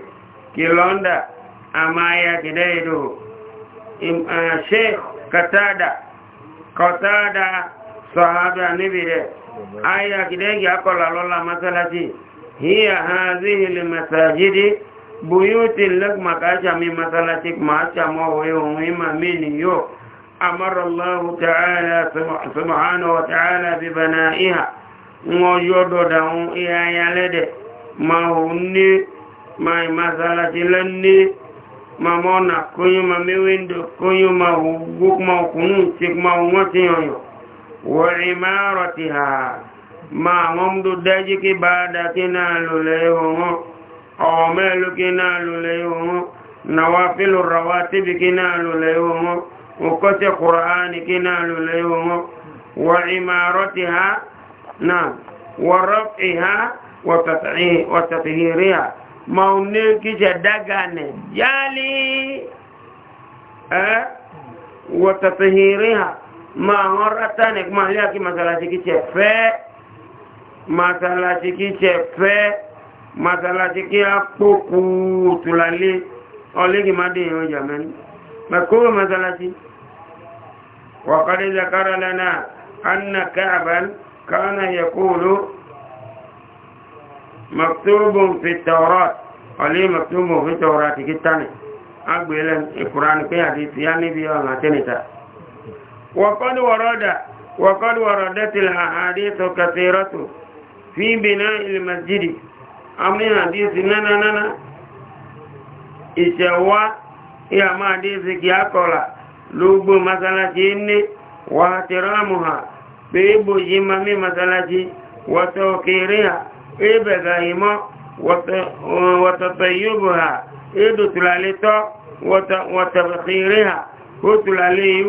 ki londa ama aya gide ido eh, sheikh katada katada sahabi anibi dẹ̀ aya gide ya kọlalọ́la masalasi hiya hazihi limasajidi buyuti lak makasha mi masalati maasha mawayo muhima mini yo amara Allah ta'ala subhanahu wa ta'ala bi bana'iha ngo yodo da un iya yalede ma hunni ma masalati lanni ma mona kunyu ma mi windo kunyu ma huguk ma kunu tik ma ngoti yo wa imaratiha ma ngomdu daji ki bada kina luleho ngo ọwọ́ mẹ́lú kí náà lulẹ̀ ohun nàwáfílù rọwá tíbi kí náà lulẹ̀ ohun òkọ́tẹ̀ kùránì kí náà lulẹ̀ ohun wà ìmárọ́tì ha náà wà rọ́fì ha wàtàtàhìrí ha ma ò ní ma àwọn kí ma masalasi kí a kpókù tùlálé ọlẹ́gì má dé ìhàn ìjà mẹ́rin mẹ́kúrò masalasi wàkàrí zakara lana anna ka'aban kana ya kúrò maktubun fi taurat ọlẹ́ maktubun fi taurat kí tani agbélẹ̀ ìkùránì pé àti tí a níbi ọ̀nà tẹ́nìta wàkọ́dù fi bìnà ilmasjidi amina hadisi nana nana ìṣẹ̀wá ìyà máa hadisi kí a kọ́la lógbò masalaci ní wà tìrámùhà pé ibò yí ma mí masalaci wọ́tọ̀ kéré ha ẹbẹ̀gà ìmọ́ wọ́tọ̀tọ̀ yóò ha ẹdù tùlálẹ̀ tọ́ wọ́tọ̀ kéré ha ó tùlálẹ̀ yíò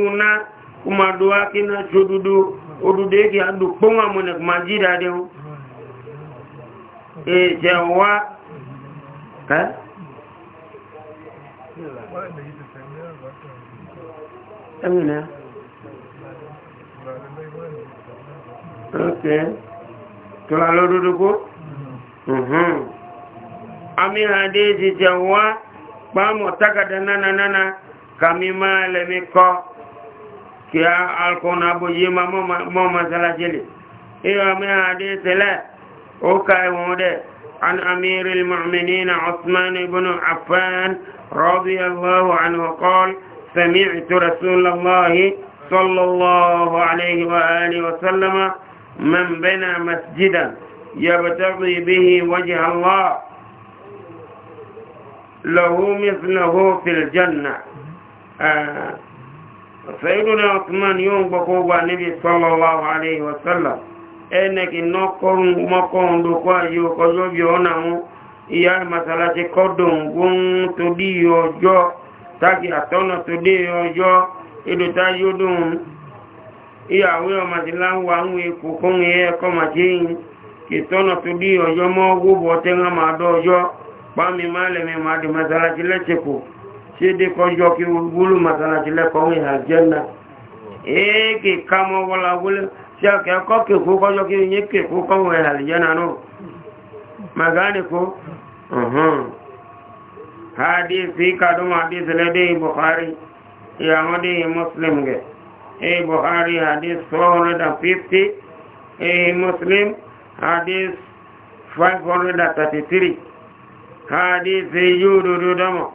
ìjẹun wá ẹ́ ok tó la mhm. lọ àmì àdé ìjẹun wá pàmò tákàdá nánà kàmí máa lẹ́mí kọ́ kí a alkọ́nà bó ma mọ́ masalajele ìwà mẹ́ àdé وكايوده عن أمير المؤمنين عثمان بن عفان رضي الله عنه قال سمعت رسول الله صلى الله عليه وآله وسلم من بنى مسجدا يبتغي به وجه الله له مثله في الجنة آه. سيدنا عثمان يوم بقوة النبي صلى الله عليه وسلم ẹnẹ̀kì nọ́kọrùn mọ́kọrùn lókọ́ ayé ọkọjọ́ bí ọ́nà wọn ìyá masalasi kọ́dùn gún tó dí ọjọ́ tàbí àtọ́nà tó dé ọjọ́ ìdòtá yóò dùn ìyàwó ọmọdéla ń wà ń wé kò kún ẹ̀kọ́ màtí yìí ìtọ́nà masalasi lẹ́tẹ̀kù ṣédé kọjọ́ kí masalasi lẹ́kọ̀ọ́ ìhàjẹ́ náà èé kì í ká tí a kẹ́ kọ́ kèkó kọjọ́ kí yí kèkó kọ́wọ́ ẹ̀ àlìjẹ́nà náà magánìkó ọ̀hún hadisi kadùn hadisi lẹ́dẹ̀ buhari ìyàmọ́dé muslim gẹ̀ ẹ̀ buhari hadisi 450 ẹ̀ muslim hadis 533 hadisi yóò dúdú dọ́mọ̀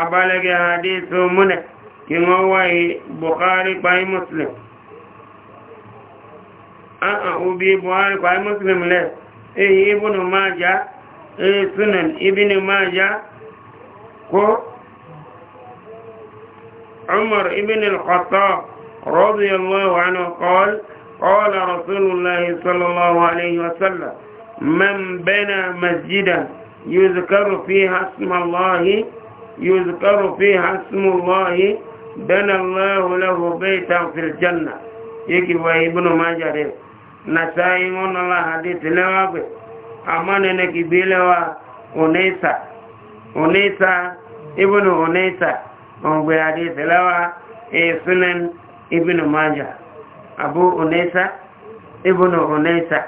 abalẹ́gẹ̀ hadisi múnẹ̀ kí wọ́n wáyé buhari pa muslim obi buhari kwa muslim le eh ibn majah eh sunan ibn majah ko umar ibn al-khattab radiyallahu anhu qala qala rasulullah sallallahu alayhi wa sallam man bana masjidan yuzkaru fiha ismullahi yuzkaru fiha ismullahi bana allah lahu baytan fil jannah yake wa ibn majah nasai ngono la hadithi lewa be amane ne kibilewa unesa unesa ibnu unesa ngwe hadithi lewa e sunan ibnu maja abu unesa ibnu unesa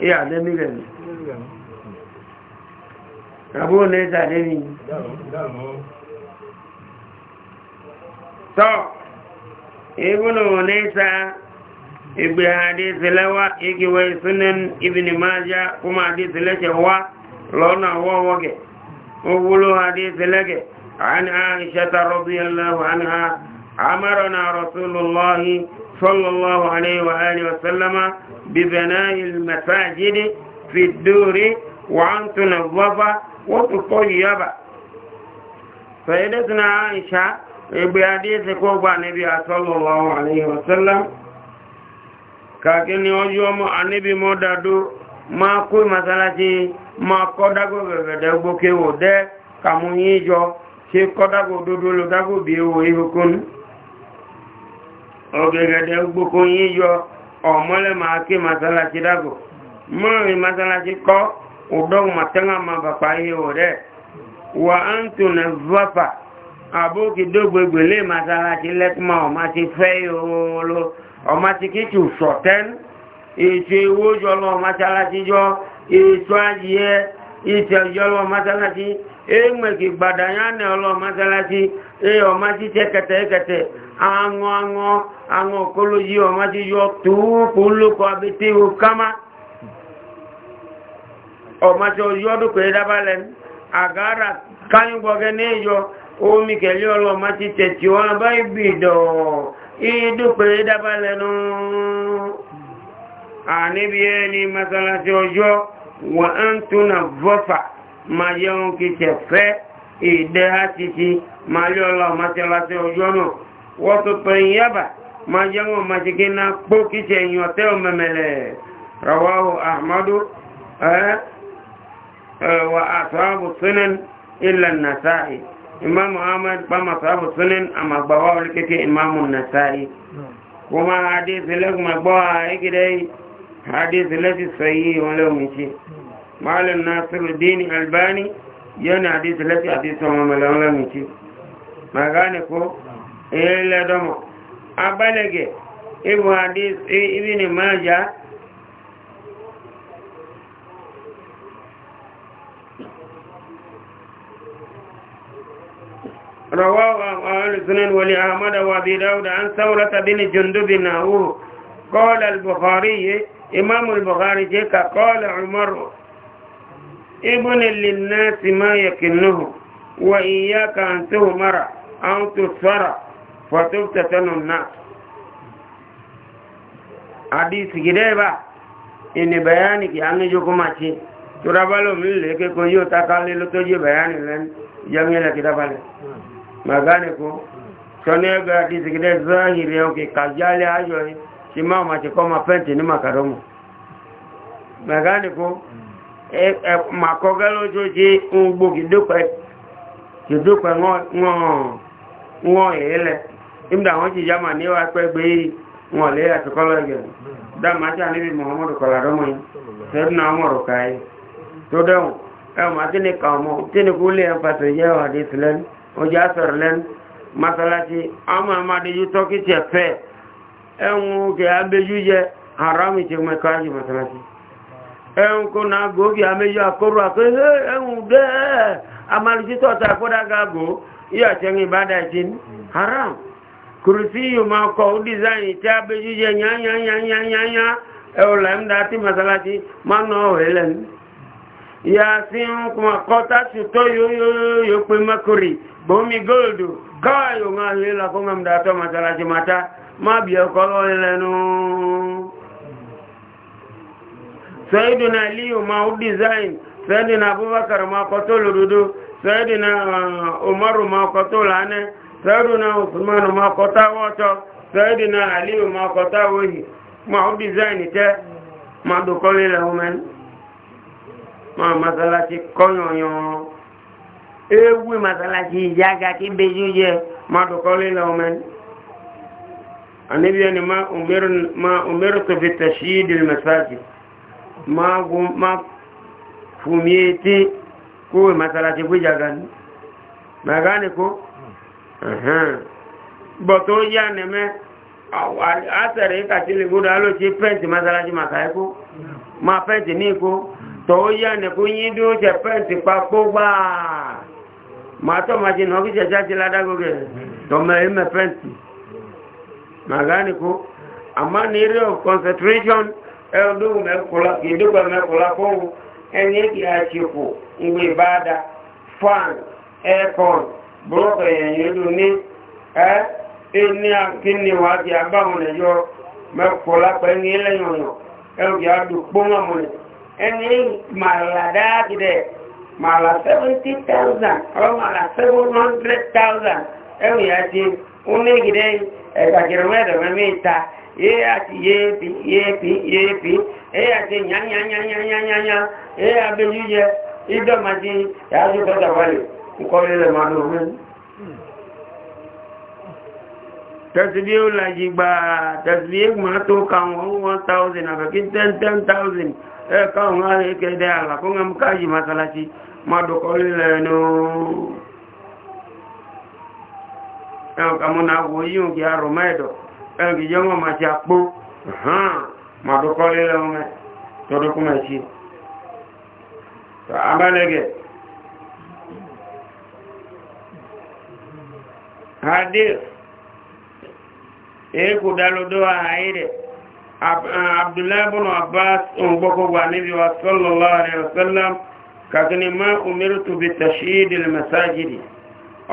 ya demi gani abu unesa demi so ibnu unesa igbe hadisi lawa igiwe sunan ibn maja kuma hadisi lake wa lona wawoge ugulu hadisi lake عن عائشة رضي الله عنها أمرنا رسول الله صلى الله عليه وآله وسلم ببناء المساجد في الدور وأن تنظف وتطيب فإذا عائشة بحديث كوبا نبي صلى الله عليه وسلم kàkí ni ọjọ́ ọmọ aníbi mọ́ dàdó máa kó ìmọ̀sálásí máa kọ́ dágò rẹ̀rẹ̀dẹ̀ gbókèwò dẹ́ kàmú yí jọ ṣe kọ́ dágò dodo ló dágò bí ewò ihokun ọgẹ̀rẹ̀dẹ̀ gbókò yí jọ ọmọlẹ̀ máa kí ìmọ̀sálásí dágò mọ́rin ìmọ̀sálásí kọ́ ọdọ́ màtẹ́ngà máa bàpá ihò rẹ̀ wà á ń ọmọ ti kí tù sọ̀tẹ́n ètò ewó jọlọ mọ́sálásí jọ ètò ayé ìtẹ̀ jọlọ mọ́sálásí èmèkì gbàdáyánà ọlọ mọ́sálásí èyí ọmọ ti tẹ kẹtẹkẹtẹ àwọn àwọn àwọn òkólóyí ọmọ ti yọ tòókù lóko abẹ́tẹ́ òkámá ọmọ tí ó yọ́ dùkọ̀ ìdábalẹ̀ àgára káyúgbọ́gẹ́ ní ìyọ omi kẹ̀lẹ́ ọlọ́mọ ti tẹ̀ tí wọ́n bá ìbìdọ̀ọ̀ ìdúpẹ̀ dábà lẹ́nu a ẹni masalasi ọjọ́ wọ́n ń túnà vọ́fà ma yẹun kí tẹ̀fẹ́ ìdẹ́ àtìsí ma lọ́lá masalasi ọjọ́ náà wọ́n tó ma yẹun maṣíkí na rawahu ahmadu eh? Eh, wa imam ahmad ba masabu sunan amma ba wa wani kake imamun nasa'i kuma hadisi lagu magbawa a yake dai hadisi lafi sayi wani laumice malam nasiru dini albani yana hadisi lafi hadisi wani malam laumice magane ko ele domo abalege ibu hadisi ibini maja رواه أهل السنن ولأحمد وأبي داود عن ثورة بن جندب نحوه قال البخاري إمام البخاري جيكا قال عمر ابن للناس ما يكنه وإياك أن تهمر أو تصفر فتفتتن الناس حديث كده إن بيانك أن جكم أشي ترى بالو من لك كيو تقال لتجي بيان لن جميل كده بالو magane ko tone ga kisigide zahiri yau ke kajali ajo ni shi ma mace ko ni makaromo magane ko e, e makogalo joji ngbo gidupe gidupe ngo ngo ngo ele imda won ji jama ni wa pe gbe ngo le atukolo ge da ma ja ni bi muhammadu kolaromo ni sedna umar kai to dawo e ma tini kamo tini kule en pato je wa ọjà sọ̀rọ̀ lẹ́nu masalasi ọmọ amadiju tọ́kì tẹ̀ fẹ́ ẹ̀hún kẹ́ abẹ́jú jẹ haramu tẹ̀ mọ́ ẹ̀ka yìí masalasi ẹ̀hún kò náà gbòógì abẹ́jú akóró akó ẹ̀hún dẹ́ amadiju tọ́ta akódà gàgò yíyà tẹ́yìn ìbádà ẹ̀tì haram kùrùsí yìí máa kọ́ ó dizayin tẹ́ abẹ́jú jẹ nyányányányányányá ẹ̀hún làmdà àti masalasi má nà ọ̀hẹ́ lẹ́nu yasin kuma kota su to yoyoyo pe makuri bomi goldu kayo nga hila ko ngam da to ji mata ma biya ko lenu sayyidina ali ma u design sayyidina abubakar ma ko to lududu sayyidina uh, umar ma ko to lane sayyidina usman ma ko ta woto sayyidina ali ma ko ta wohi ma u design te ma do ko lenu men máa masalasi kọ́yọ̀yọ̀ ewu masalasi ìyága kí bejú jẹ mọ́dọ̀kọ́lé lọ mẹ́rin anibiyani ma umirtu fi tashid al-masajid ma ma fumiyeti ko masalasi bujagan magani ko bọ̀tọ̀ yá nẹ́mẹ́ àtẹ̀rẹ̀ kàtílẹ̀ gbọ́dọ̀ alóòtí pẹ́ǹtì masalasi màkàíkó ma pẹ́ǹtì ní ikó tó yá nìkú yín dúró jẹ pẹ́ǹtì papò gbà màá tọ́ màá jẹ nà ọ́kí jẹjá ti ládágógè tọ́mọ ẹ̀ mẹ́ pẹ́ǹtì màgá nìkú àmọ́ ní rí ọ̀ concentration ẹ̀ ọdún mẹ́kùlá kì í dúpẹ́ mẹ́kùlá fóun ẹni kì í àṣìkò ìwé ìbáda fan aircon búrọ́kọ̀ ẹ̀yìn ìlú ní ẹ́ ẹni àkíní wàá di abáwọn ẹ̀yọ mẹ́kùlá pẹ̀lú ilẹ̀ yọ̀yọ̀ ẹ̀ ẹni màlà dáàbì màlà seventy thousand ọ̀rọ̀ màlà seven hundred thousand ẹ̀wù yà ti onígi dẹ̀ ẹ̀gbàjẹ̀rẹ̀ mẹ́rẹ̀mẹ́ mẹ́ta yéé àti yéèpì yéèpì yéèpì yéé àti nyányányányányányá yéé abẹ́jú jẹ ìdọ́màdì yàtú bọ́tà wálé nkọ́lé lè máa lò wí. tẹ̀síbí ó lajì gbàá tẹ̀síbí ó máa tó ka wọn one thousand àbẹ̀kí ten ten thousand ẹ̀ka òun ààrẹ kẹ́dẹ́ àlàkóńgá mú káàyè masalasi máa dọ̀kọ́ lílẹ̀ ẹnu ẹ̀wọ̀n kàmúnà wo yíò kí arọ̀ mẹ́ẹ̀dọ̀ ẹ̀wọ̀n kì jẹ́ wọn máa ti àpó hàn máa dọ̀kọ́ lílẹ̀ ọmọ tọdọ́kú mẹ́sí abálẹ́gẹ̀ adé èkó dálódó Eh, abdullahi bin abbas on gbogbo wa níbi wa sallallahu alaihi wasallam kakini ma umirtu bi tashid al masajid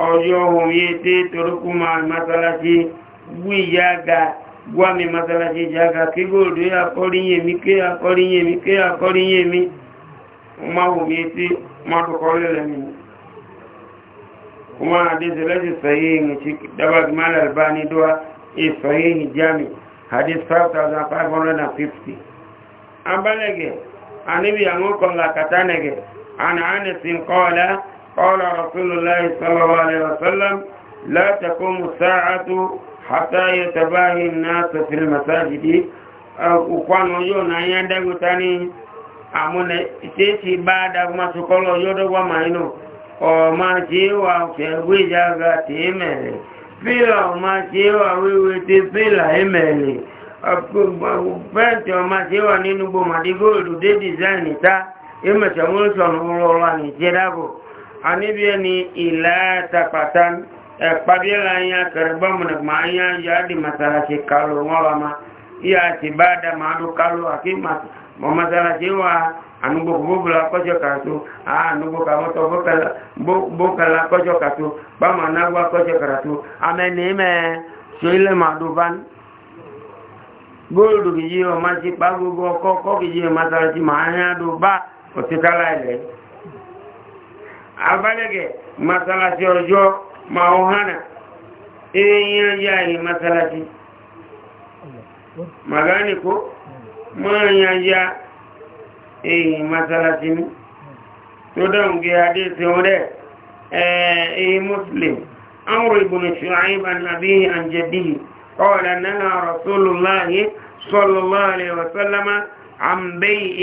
ọjọ́ ohun yìí tí torúkú ma masalasi gbí yága gbá mi masalasi jága kí góòdó akọ́ríyìn mi kí akọ́ríyìn mi kí akọ́ríyìn mi ma ohun yìí tí ma dùkọ́ lẹ́lẹ́ mi kuma hadisi lẹ́sì sahihi ní dábàgbà albani duwa ìsahihi jami' hadith 5550 ambalege anibi angokon la katanege ana anasin qala qala rasulullah sallallahu alaihi wasallam la taqumu sa'atu hatta yatabahi an-nas fi al-masajid ukwano yo na yanda gutani amune tete baada kuma sokolo yodo kwa maino o ma jiwa kwa wijaga timere pílà ọmọ tí ó wà wíwé tí pílà ẹ̀mẹ̀lì pẹ́ẹ̀tì ọmọ tí ó wà nínú gbọmọdé góòlù dé dìzáìnì tá ẹ̀mẹ̀tẹ̀ múlùsọ̀nù rọrọ̀ ní jẹ́dàbọ̀ àníbi ẹni ìlà tapata ẹ̀pàbíẹ́lá ya kẹrẹ̀bọ́mùnàmá ya yáàdì màtàlàṣẹ kálò anugbo bobula kɔjɔ kato aa anugbo kamɔtɔ bokala kɔjɔ kato bama nagba kɔjɔ kato ame ne mɛ soile ma do ban góòlù kìí yé ọmọ ti pa gbogbo ọkọ ọkọ kìí yé ọmọ tara ti máa ń èyí masalasi ní tó dáhùn gẹ́ adé tí ó rẹ̀ èyí muslim amúrò ìbùnú ṣùgbọ́n àbí àjẹ́bí قال نهى رسول الله صلى الله عليه وسلم عن بيع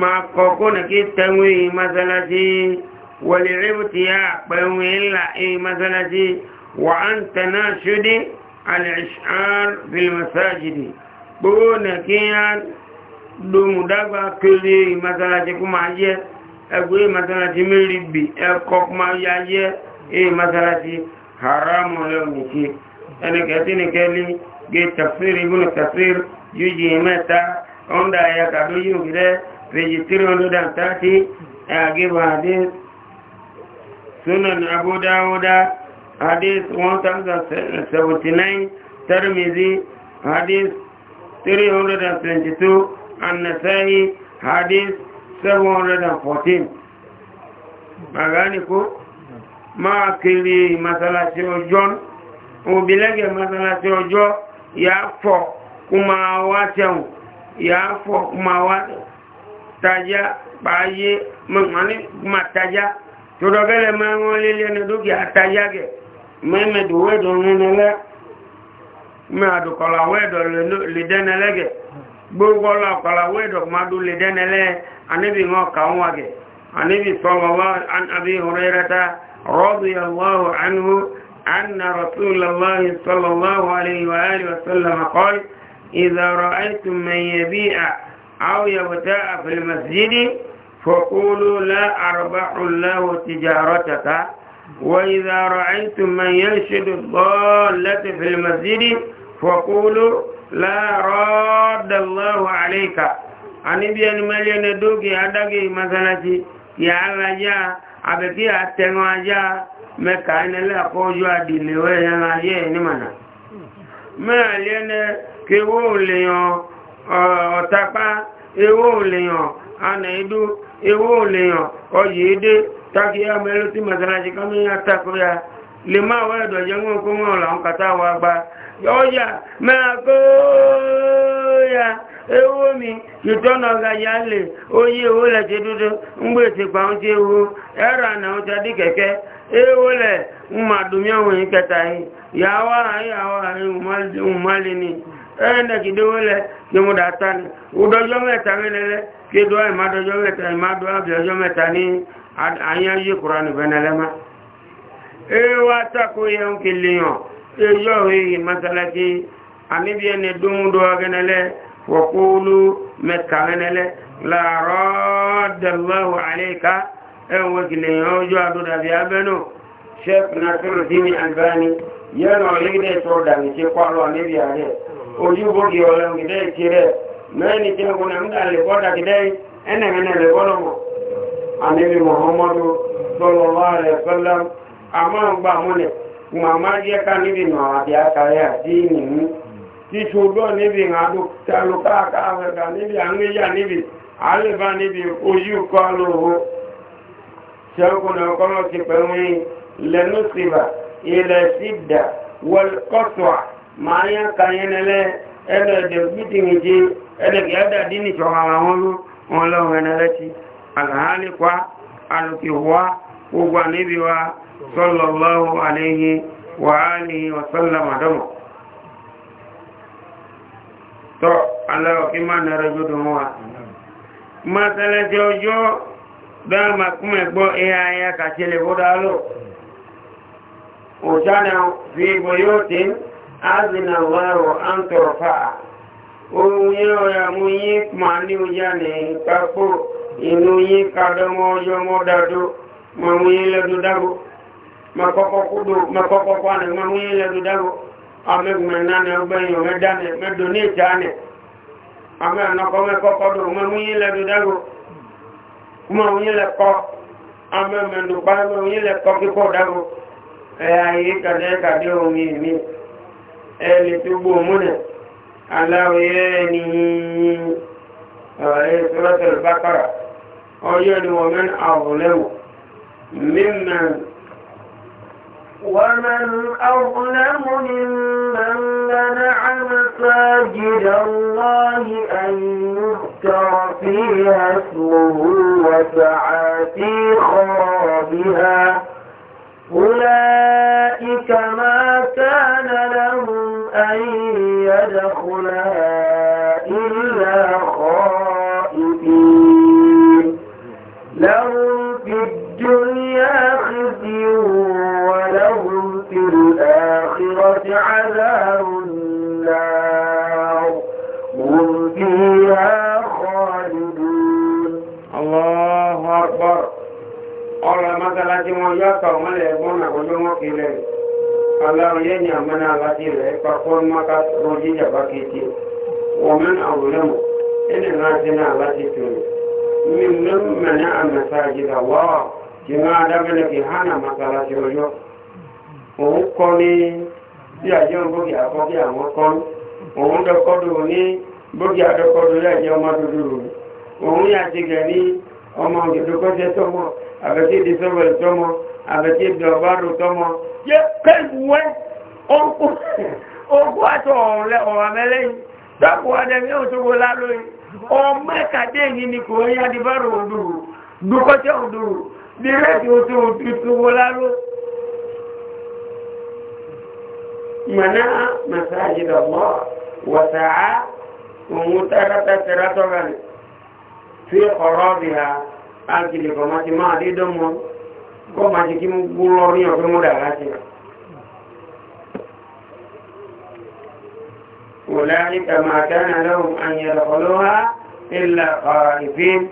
ما كوكون كي تنوي مثلتي ولعبتها بنوي إلا إيه مثلتي وعن تناشد الإشعار في المساجد بقول كيان lómùdágbà kéré ìmásálásí kó máa yẹ ẹgbẹ́ ìmásálásí mẹ́rin bì ẹkọ́ máa yá yẹ ìmásálásí haramu lẹ́wọ̀n ṣe ẹnikẹ́sí nìkẹ́lí gé tafsiri ibùn tafsiri yíyí mẹ́ta ọ́ndà ẹ̀yà kàdó 330 sunan abu 322 النسائي حديث 714 مغانيكو ما كلي مثلا سيوجون وبلغ مثلا سيوجو يافو كما واتو يافو كما واتو tajà báyé mọ̀mọ́ni ma tajà tọ́dọ̀gẹ́lẹ̀ máa ń wọ́n lélẹ̀ ní dúkìá tajà gẹ̀ mẹ́mẹ́dù wẹ́dọ̀ nínú lẹ́ mẹ́ àdùkọ̀lá wẹ́dọ̀ lè dẹ́nẹ́lẹ́gẹ̀ẹ́ gbogbo ọlọ àpàlà wẹ́dọ̀ máa dún lè dẹ́nẹlẹ́ anábì wọn kàwọn wàgẹ̀ anábì sọlọ́wọ́ anábì hùrẹ́rẹ́ta rọ́bì aláwọ̀ anhu anna rasulallah sallallahu alayhi wa alihi wa sallam qol idha ra'aytum man yabi'a aw yabta'a fil masjid faqulu la arbahu allah tijarataka فقولوا لا رد الله عليك أني بيان مليان دوكي أداكي مثلا يا الله جا أبكي أتنوا جا مكاين لا قوجوا دي لوين أيه نمنا ما لين كيو ليون أتاكا ewo leyan ana edu ewo leyan oye ede taki ya melo ti masalaji kanu ya takoya le ma wa edo je won ko won la on kata wa gba yọ́ọ̀yà máa kóòyà ewó mi ìtọ́nà ọ̀gá ya lè oyé owó lẹ̀ ṣe dúdú ngbèsè pàún tí ewu ẹ̀rà na ó tàbí kẹ̀kẹ́ ewó lẹ̀ ń máa dùnmí àwọn èyí kẹta yìí yàwó àyàwó àyàwó ni ẹ̀ẹ́nẹ̀ kìdówó kí mo dàtà mẹ́ta kí mẹ́ta mẹ́ta ní yọ̀wé yìí masalasi anibi ẹni dumudu agẹnẹlẹ wọkúlu mẹka gẹnẹlẹ làárọ̀ dàlúwàwò àlẹ́ka ẹ̀wọ̀n kìlẹ̀ yẹn ọjọ́ àdúdàbí abẹ́nu sheikh nasiru dini albani yẹn ọ̀lẹ́gidẹ̀ tó dàbí ṣe kọ́ lọ níbi àárẹ̀ ojúbógi ọ̀lẹ́gidẹ̀ ti rẹ̀ mẹ́ni tí ẹkùn náà ń dà lè bọ́dà kìdẹ́ ẹnẹ̀mẹ́nẹ̀ lè bọ́dà mọ̀ anibi màmá jẹ́ ká níbi màmá bí akàrẹ àti ìnìyàn tí ṣùgbọ́n níbi àlùkáàkà afẹ́gà níbi àmìyà níbi àlèbá níbi ojú kọ́ lóòrò ṣẹ́kùnà ọkọ́lọ́ ti pẹ̀lú lẹ́nu síbà ilẹ̀ sídà wọlkọ́tọ̀ máa yá kàyẹnẹlẹ́ ẹlẹ́dẹ̀ gbítìmìjì ẹlẹ́gẹ̀ẹ́dà dínì ṣọ̀rọ̀ صلى الله عليه وآله وسلم دمو تو الله كما نرجو ما مثلا جو جو داما كما بو ايا يا كاتيلي بودالو وشانا في بيوت أذن الله أن ترفع Oyo ya muyi mani ujane kapo inuyi kadomo yo modatu mamuyi le dudabu makọ́kọ́ kúdò makọ́kọ́ kwánà mamúyé lẹ́dù dáwò amẹ́gbẹ̀mẹ́nánà ọgbẹ̀yìn mẹ́dánà mẹ́dọ̀nẹ́tánà amẹ́ ànàkọ́ mẹ́kọ́kọ́ dò mamúyé lẹ́dù dáwò mamúyé lẹ́kọ́ amẹ́mẹ́dùpá mamúyé lẹ́kọ́ kíkọ́ dáwò ẹ̀yà yìí kàdẹ́ kàdé omi mi ni ومن أظلم ممن منع مساجد الله أن يذكر فيها اسمه وسعى في خرابها أولئك ما كان لهم أن يدخلها إلا خرابها وذاقت عذاب النار هم فيها خالدون الله أكبر قال مثلا جمع يقع ملعبون وجمع كليه الله ينعمنا على جلعه فقل مكات روجي جبكيتي ومن أظلمه إن الناسنا على من من منع مساجد الله جماعة لك هانا مثلا جمع وقل tí àjẹ́ ògbógi àkọ́kí àwọn kọ́ òun dọ́kọ́dù ní gbógi àdọ́kọ́dù láìjẹ́ ọmọ dúdú rò òun ní àtìgẹ̀ ní ọmọ ògèdókọ́jẹ́ tọ́mọ àbẹ̀tí ìdísọ́bẹ̀lì tọ́mọ àbẹ̀tí ìdọ̀bárò tọ́mọ yẹ kẹ́wẹ́ ogún àtọ̀ ọ̀rọ̀mẹ́lẹ́yìn dọ́kù adẹ́mí òṣogbo lálóyìn ọmọ ẹ̀kàdé yìí ni kò yá dìbárò òdòrò dúkọ́jẹ́ òdòrò dírẹ́tì òṣogbo lálóyìn منع مساجد الله وسعى ومترك سرطها في خرابها أجل كما ما دي دمون كما تكي مقولوري في مداراتها أولئك ما كان لهم أن يدخلوها إلا خائفين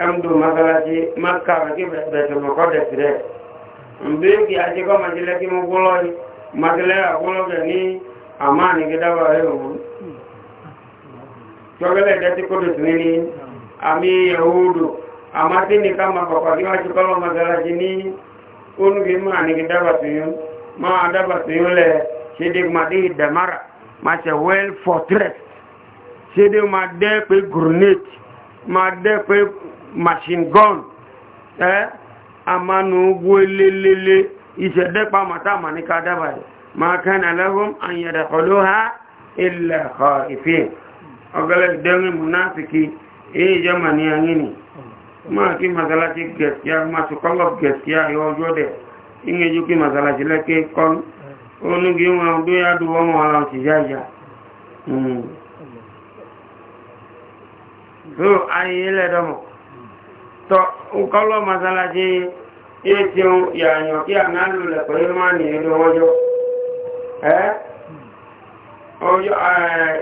أمدو مغلتي مكة وكيف بيت المقدس ده مبيكي أجل كما تلكي مقولوري magilẹ́ àwọ́lọ́gẹ̀ ní àmá nìgídáwà ẹ̀rùn jọgẹ́lẹ̀ jẹ́ tí kó dùn sí ní àmì yahudu àmá tí ní ká ma pàpà kí wá ti kọ́lọ́ magalaji ní onugi ma nìgídáwà tuyún ma adába tuyún lẹ̀ ṣe well fortress ṣe dé ma dẹ́ pé grenade machine gun ẹ́ àmánu gbó ìṣẹ̀dẹ́pá màtá mà ní ká dábàá yìí máa kán aláhùn àyẹ̀dẹ̀ ọlọ́ha ilẹ̀ ọ̀ ìfẹ́ ọgọ́lẹ̀ ìdẹ́rin munafiki èyí jọmà ní àyíní máa kí masalaci gẹ̀ẹ́sìá máa tó kọ́lọ̀ gẹ̀ẹ́sìá yọ ọjọ́ dẹ̀ ìyẹjú kí masalaci lẹ́kẹ́ kọ́n onígi wọn ọdún yádùwọ́ wọn ọ̀rọ̀ ṣìṣàṣà hmm. so ayé lẹ́dọ̀mọ̀ tọ́ ìtìun ìyàyàn kí àmàlù lẹ̀kọ̀ yóò máa ní ìlú ọjọ́ ẹ́ ọjọ́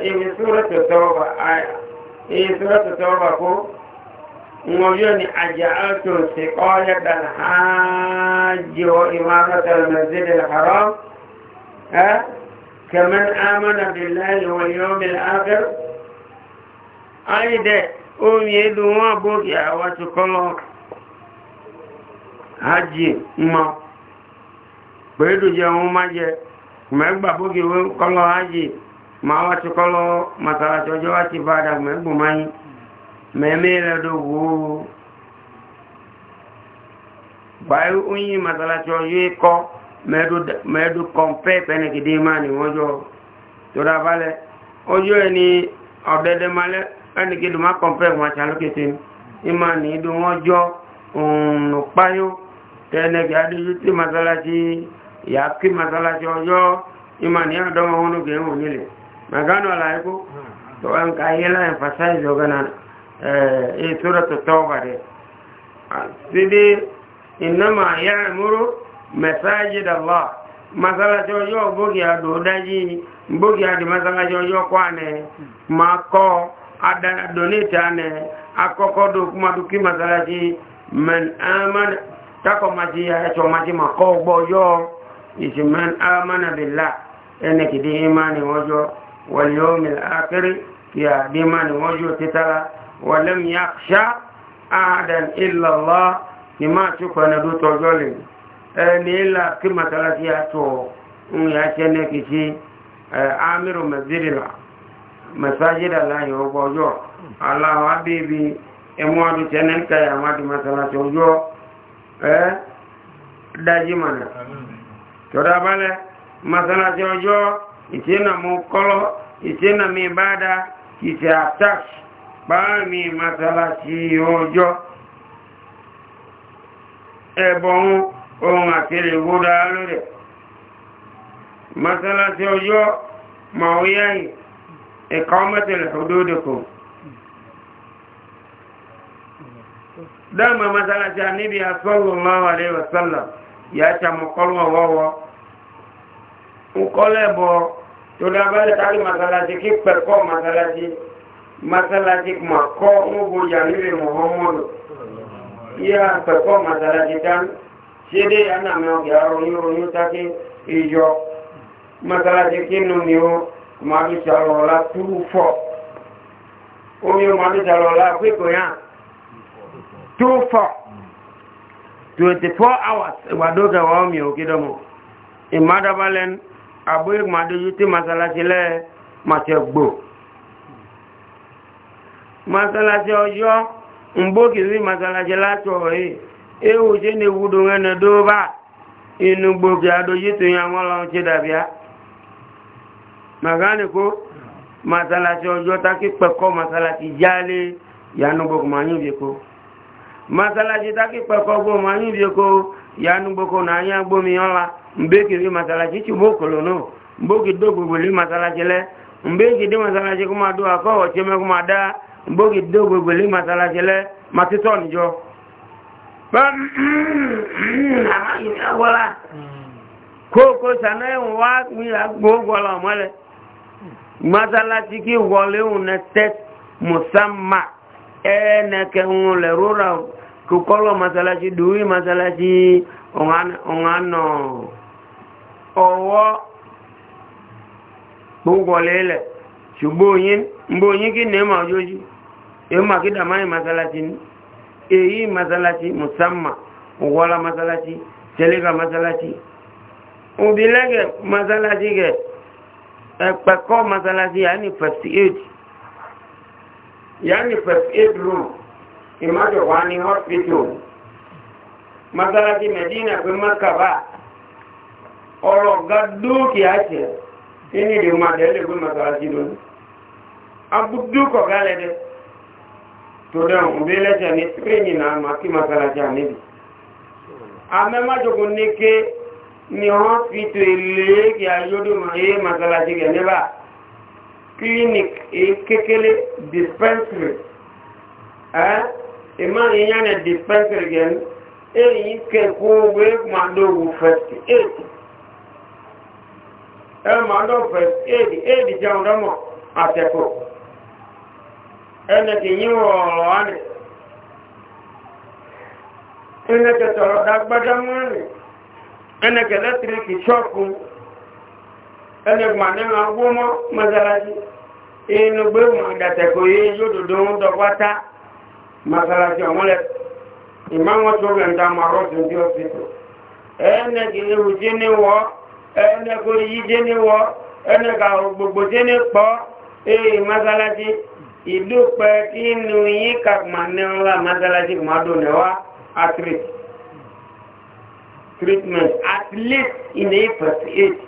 ìrìnsúrẹ́tẹ̀tọ́wà kó wọ́n ni àjẹ́ àtò sí kọ́lẹ̀ dàlájọ́ ìmárọ̀tẹ̀lẹ̀ mẹ́sílẹ̀ àrọ́ ẹ́ kẹmẹ́ àmàlà bìláyì wọ́n yóò mẹ́lẹ̀ áfẹ́ hajj mọ́ pẹ̀lú jẹ ohun má jẹ mẹ́gbà bókè kọ́lọ hajj ma e wá ti kọ́lọ masalasi ọjọ́ wá ti bada mẹ́gbù e máyí mẹ́mí e rẹ̀ ló wó báyí oyin masalasi ọjọ́ ikọ́ mẹ́ẹ̀dù kọ̀m̀pẹ́ pẹ́nìkìdí máa ní wọ́n jọ tó dábálẹ̀ ojú ẹni ọ̀dẹ́dẹ́ malẹ́ ẹnìkìdí má kọ̀m̀pẹ́ wọn àti alókèsè ìmá ní ìdún wọ́n jọ òun nù páyó tẹ́lẹ̀ kí adéjú tí masalasi ìyá kí masalasi ọjọ́ ìmàní àdọ́mọ wọn ló gẹ̀ẹ́wò nílẹ̀ magánù àlàyé kó tọ́wọ́ ń ka ayé láyé fasáìsì ọ̀gánà ẹ̀ sọ́dọ̀ tó tọ́ ọba rẹ̀ síbi ìnáma ayé àmúrò mẹ́sáàjì dàlọ́ masalasi ọjọ́ bókì àdó dájí bókì àdó masalasi ọjọ́ kọ́ àná máa kọ́ adonate àná akọ́kọ́ dó masalasi mẹ́n tako maji ya hecho maji makobo yo isiman amana billah ene kidi imani wojo wal yawmil akhir ya dimani wojo titala walam yakhsha ahadan illa allah nima chuko na du tojole ene ila kima talati ya to ya chene kichi e, amiru mazirila masajid allah yo bojo allah habibi emu adu chenen kaya madi masalati wojo ẹ́ dájí mọ̀nà tọ́dá balẹ̀ masalasi ọjọ́ ìtẹ́nà mú kọ́lọ́ ìtẹ́nà mi bá dá ìtẹ́ àtàk pàmì masalasi ọjọ́ ẹ̀bọ̀n ohun àkèrè gúdá lórí masalasi ọjọ́ màá yáyì ẹ̀kọ́ mẹ́tẹ̀lẹ̀ ọdọ́dọ̀kọ̀ọ́ dama masalaci annabi ya sallallahu alaihi wasallam ya ce mukolwa wawo mukolebo to da ba da tari masalaci ki farko masalaci masalaci kuma ko mugu jami'in muhammadu ya farko masalaci tan sai dai ana mai ya ronyu ronyu ta ke ijo masalaci ki numi omi o ma bi salola kwekwe ya 24 24 hours ìwàdókè wọ́n mi ò kídọ́mù ìmádọ́bálẹ́n àbú ìgbàdójú tí masalasi lẹ́ màtẹ̀gbò masalasi ọjọ́ mbókìrí masalasi látọ̀ yìí ewu ní wúdó ẹnà dóbá inú gbòkè àdójú tó yà wọ́n masalasi masalasi masalaji taki kpekọ gbom anyị bioko ya nugboko na anya gbomiola mgbe kiri mbeki chigbokolono mgbogido gbogboli masalaji le mgbe gide masalaji kumado akọghọchimegumada mgbogido gbogboli masalaji le matitonjọ agwala koko sana ya unetet ẹnẹkẹ ń lẹ rúra kòkọ́lọ̀ masalasi dùwí masalasi ọ̀hánà ọwọ́ gbogbolẹ̀ lẹ̀ ṣùgbóyin kí ní ma ojójú yóò ma kí dàmáyì masalasi ní èyí masalasi musamman wọ́la masalasi tẹ́lẹ́gà masalasi òbílẹ́gẹ̀ masalasi gẹ̀ ẹ̀pẹ̀kọ́ masalasi yà ní 58 yani first aid room imajo wani hospital masalasi medina pe maka ba ọ̀rọ̀ gadókì àṣẹ inú ìdí mọ̀dé lẹ́gbẹ́ masalasi lónìí abúdúkọ̀ gálẹ́dẹ́ tó dáhùn bí lẹ́sẹ̀ ní springi náà ma kí masalasi àníbi amẹ́májòkó ní ké ni wọ́n fi tó ilé kí ayódó ma yé masalasi gẹ̀ níbà clinic èyí kékeré dispensary ìmọ̀ ìyá ni dispensary gẹ̀ẹ́nu èyí kẹ́kọ́ owó ẹgbàdówó first eh, eh, aid first aid aid jẹ́ ọ̀dọ́mọ̀ àtẹ̀kọ́ ẹnẹ̀kì yíwọ̀ ọ̀rọ̀ wá nìí ẹnẹ̀kẹ̀ tọ̀rọ̀ dágbádámọ́ rẹ̀ ẹnẹ̀kẹ̀ lẹ́tìrìkì ẹni gbàdẹ́mà gbọ́mọ́ mọ́sálásí inú gbé wọn àdàtẹ̀kọ̀ yìí yóò dòdó ń dọ́gbátá mọ́sálásí ọmọlẹ̀ ìmáwọn tó rẹ̀ ń dá màrọ́ tó bí ọ́fíìsì ẹni kìlìwù jẹ́ ní wọ́ ẹni kò yí jẹ́ ní wọ́ ẹni kà gbogbo jẹ́ ní pọ́ èyí mọ́sálásí ìlú pẹ́ kí inú yìí kà mànẹ́wà mọ́sálásí kùmádùnẹ́wà at least in the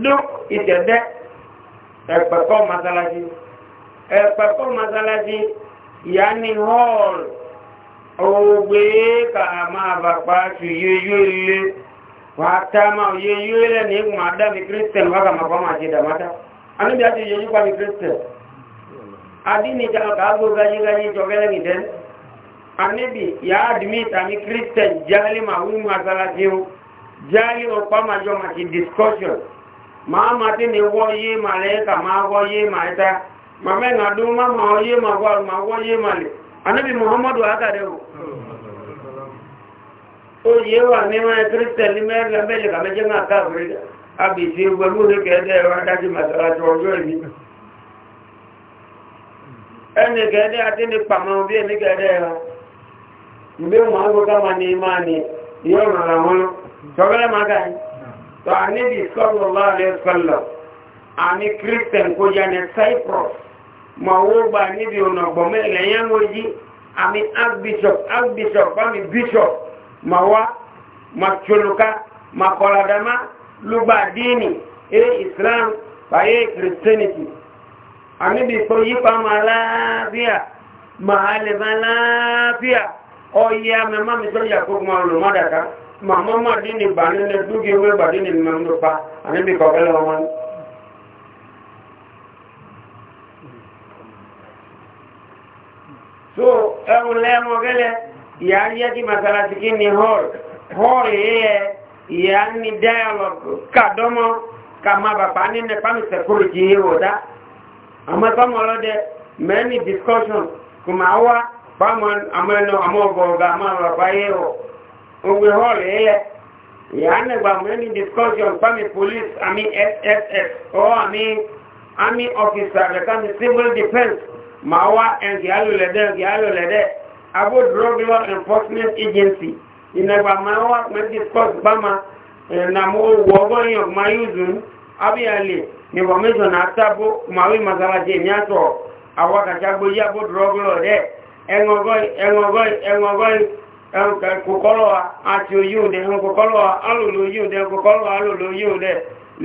dó ìtẹ̀dẹ́ ẹ̀pẹ̀kọ́ masalasi ẹ̀pẹ̀kọ́ masalasi ìyá ní hall ògbé ka a máa bà pàṣù yíyó ilé wà tá máa yíyó ilé ní ìgbìmọ̀ àdámi christian wà kàmà kọ́ máa ṣe dàmátá anúbí àti yíyó pàmì christian adíni ìjà kàágbó gajigajì jọgẹ́lẹ́ nìdẹ́ anúbí ìyá àdìmí ìtàmì christian jáálì màá wí masalasi o jáálì ọ̀pá màjọ màá ṣe discussion a ma tí ni wọ́ ma ka ma wọ yi ma ẹta ma mẹ́ngà adụ ma wọ́ yi ma wọ́ ma wọ yé ma lẹ̀ anábì muhammadu agadẹ́ o ó yé wà ní wọn kírísítẹ̀lì mẹ́rin mẹ́rin a mẹ́jẹ́ náà káàkiri abìsí pẹ̀lú oníkẹ́ẹ́dẹ́ ẹ̀rọ adájú màsàlásì ọjọ́ ìní ẹnìkẹ́ẹ́dẹ́ àti ní pàmò bí ẹnìkẹ́ẹ́dẹ́ ẹ̀rọ ìgbé ma ni to anibi sallallahu alaihi wasallam ani christian ko jane cyprus ma wo ba anibi ona gbome le yan oji ami archbishop archbishop ami bishop ma wa ma choluka ma koladama lugba dini e islam ba e christianity anibi ko yipa ma lafiya ma aleba lafiya ọyẹ amẹ́má mi tọ́jà kó ma lò má dàka màmá má dín ní bà nínú dúkì owó bà dín ní mẹ́mú ló pa àníbi kọ̀ọ̀kẹ́ lọ́wọ́ wọn. so ẹ̀hún lẹ́mọ̀ gẹ́lẹ́ ìyá yẹ kí masalasi kí ni hall hall yìí yẹ ìyá ni dialogue kàdọ́mọ́ kà má bàbá ní nípa mi security yìí wò dá àmọ́ ẹ̀fọ́ ọlọ́dẹ mẹ́ni discussion kò máa wá amọ́gọ̀ọ̀gá amọ́rọ̀báyé òwe hall ilẹ̀ ìhánẹ̀gbà mẹ́ni discussion pàmì police àmì sss ọ́ àmì army officer rẹ̀kàmì civil defense ma wá ẹnkì alùlẹ̀dẹ́ ẹnkì alùlẹ̀dẹ́ abó drug law enforcement agency ìnẹ̀gbà ma wá mẹ́ discuss báma ìnàmú owó ọgọ́rin ọ̀gbọ̀n yúzùn abíyàlè information àtàbó màwí masalasi èmi àtọ̀ àwọn kàṣàgbóyí abó drug law rẹ̀ ẹ̀ngọ̀gọ́ì ẹ̀ngọ̀gọ́ì ẹ̀ngọ̀gọ́ì kòkọ́lọ́wà àti oyíòdẹ ẹ̀ngọ̀kọ́lọ́wà alòlò yíòdẹ ẹ̀ngọ̀kọ́lọ́wà alòlò yíòdẹ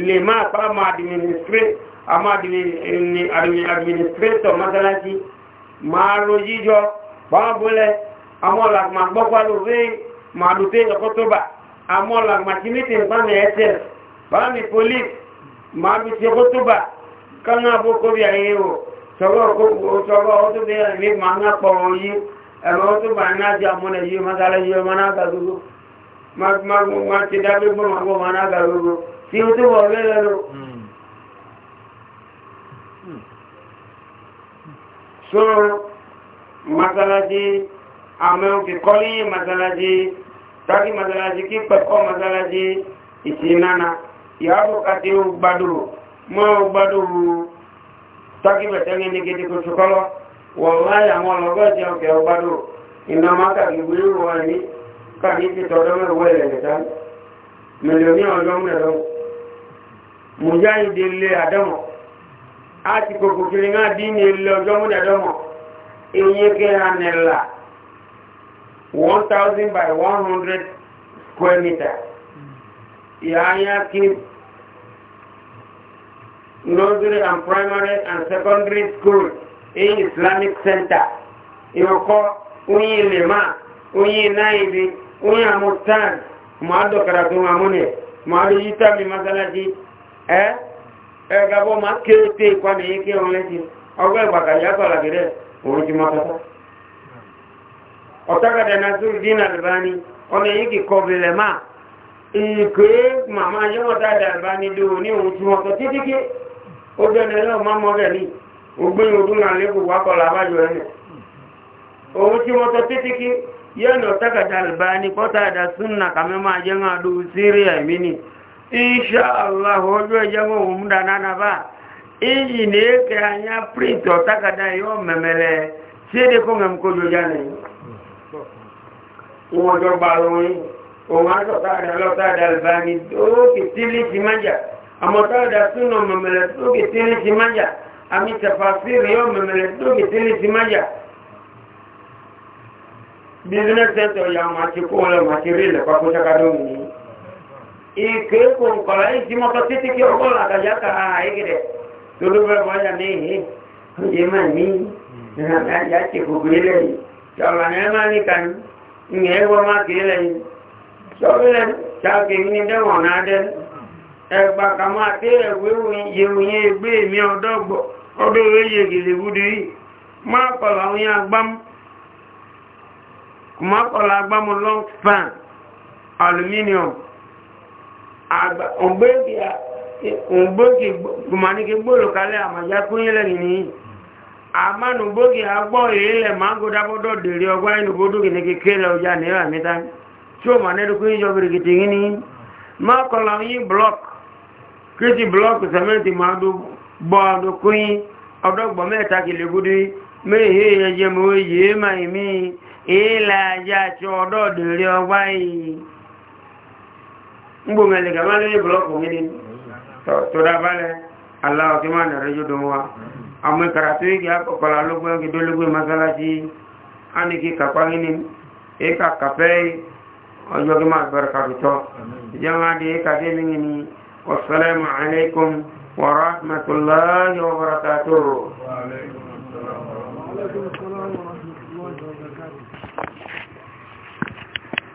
lè máa pa ma administrator mọ́sálásí máa ro yíjọ pàábúlẹ̀ amọ́làgbà gbọ́gbàlò rẹ̀ màdùté ọkọ́tọ́bà amọ́làgbà tí mítì pàmì ẹ̀tẹ̀ pàmì police màdùté ọkọ́tọ́bà kánà àbókòrí àyẹ̀wò sọ́wọ́ kókò sọ́wọ́ ọdún bí ẹ̀rí ma ń pọ̀ yí ẹ̀rọ tó bá ní àti àmúnẹ̀ yí mọ́sálẹ̀ yí ọmọ náà gàgbogbo ma ti dábí fún ọmọ ọmọ náà gàgbogbo tí ó tó wọ̀ lẹ́lẹ́ lọ. so masalasi àmọ́ òkè kọ́lí masalasi tákì masalasi kí pẹ̀kọ́ masalasi ìsinana ìyàwó kàtí ó gbádùn mọ́ gbádùn takibɛ tɛŋɛ ne gidi kutu kɔlɔ wɔlayi àwọn ɔlɔgɔ jɛ ɔkɛ ɔba do ìnàmà kàkì wúlò wani kàkì ti tɔdɔ mɛ wɔ ɛlɛ nìta mílíọnì ɔdɔm nìlɔ mùjá ìdè lé àdɔmɔ àti di ní ilé ɔdɔm nìdɔmɔ èyí kẹ anìlá one thousand by one hundred square meter yàá yá kí nursery and primary and secondary school in islamic center ìwọ̀kọ́ oyin lèmá oyin náìrí oyin amústan máa dọ̀kàrà tó wà múnẹ̀ máa rí yíta mi masalasi ẹ́ ẹgbàbọ́ máa kéèté ìkwàmì yí kí wọ́n lẹ́sí ọgbẹ́ ìgbàkà yàtọ̀ làgẹ́rẹ́ òun ti na sórí dínà lẹ́bàání ọmọ yìí kì kọ́ bilẹ̀ máa ìkèé màmá yọ́mọ̀tá dàlbáni ó dẹ́nẹ̀ náà má mọ́ rẹ̀ ní ògbìn ọdún náà lẹ́kùn wá kọ́ làbájọ ẹ̀nà òun tí wọ́n tọ́ títí kí yẹ́nà tẹ́kẹ̀tà lùbá ní pọ́tà ẹ̀dà súnnà kàmẹ́ máa jẹ́ náà dùn sírí ẹ̀mí ni insha allah ọjọ́ ẹjẹ́ wọn òun múdà náà bá ìyì ní èkè anyá píríntì ọ̀tàkàdá yóò mẹ̀mẹ̀lẹ̀ síde amotoda suno memele tuki tili simaja ami tafasiri yo memele tuki tili simaja business center ya machikule machirile kwa kutaka dungu ike ko kola isi motositi ki ogola kajaka aigire ah, tulube moja ni jema ni ya chikugile chola nema ni kan ngewa makile chola chake ni ndewa na deni ẹ̀pà kàmọ́ àti ẹ̀wé ìròyìn ẹgbẹ́ mi ọ̀dọ́gbọ̀ ọdún oríyẹ gèlè gúdú yìí má kọ̀lọ̀ àwọn yẹn agbámú má kọ̀lọ̀ agbámú long span aluminium ògbógi gbùmánìkì gbòòrò kalẹ̀ àmàjá kúnyẹ́lẹ̀ nìyí àmánu gbógi agbọ́ ìrìnlẹ̀ mángódábọ́dọ̀ dèrè ọgbá inú gbódó kìnnìkì kéèlẹ̀ ọjà náírà mẹ́ta tí ó mà nẹ́dùkú yíjọ gírígìtì yìí nìyí má kọ̀lọ̀ yín block kírísì blọ́ọ̀kì sẹ́mẹ́ntì máa dó bọ́ ọdún kúyín ọdọ́gbọ̀ mẹ́ta kìlè gúdú méhe ẹjẹ mọ́ yìí máa ìmí ìlà ajá àti ọdọ́ òdèrè ọgbá yìí ń gbòmẹ̀lẹ̀ gàmá lórí blọ́ọ̀kì mi ni tó dábálẹ̀ aláwọ̀kí máa nà rẹ́jọ́ dùn wa àwọn ìkàràtú ìgbà kọ̀kọ̀lá lógún ẹgbẹ̀ dólógún masalasi á ní kí kàpá ní ìkà kàpẹ́ ọjọ́ kí máa gbẹ̀rẹ̀ kàkùtọ̀ ìjọba dé kàkẹ́ mi ni والسلام عليكم ورحمة الله وبركاته وعليكم السلام ورحمة الله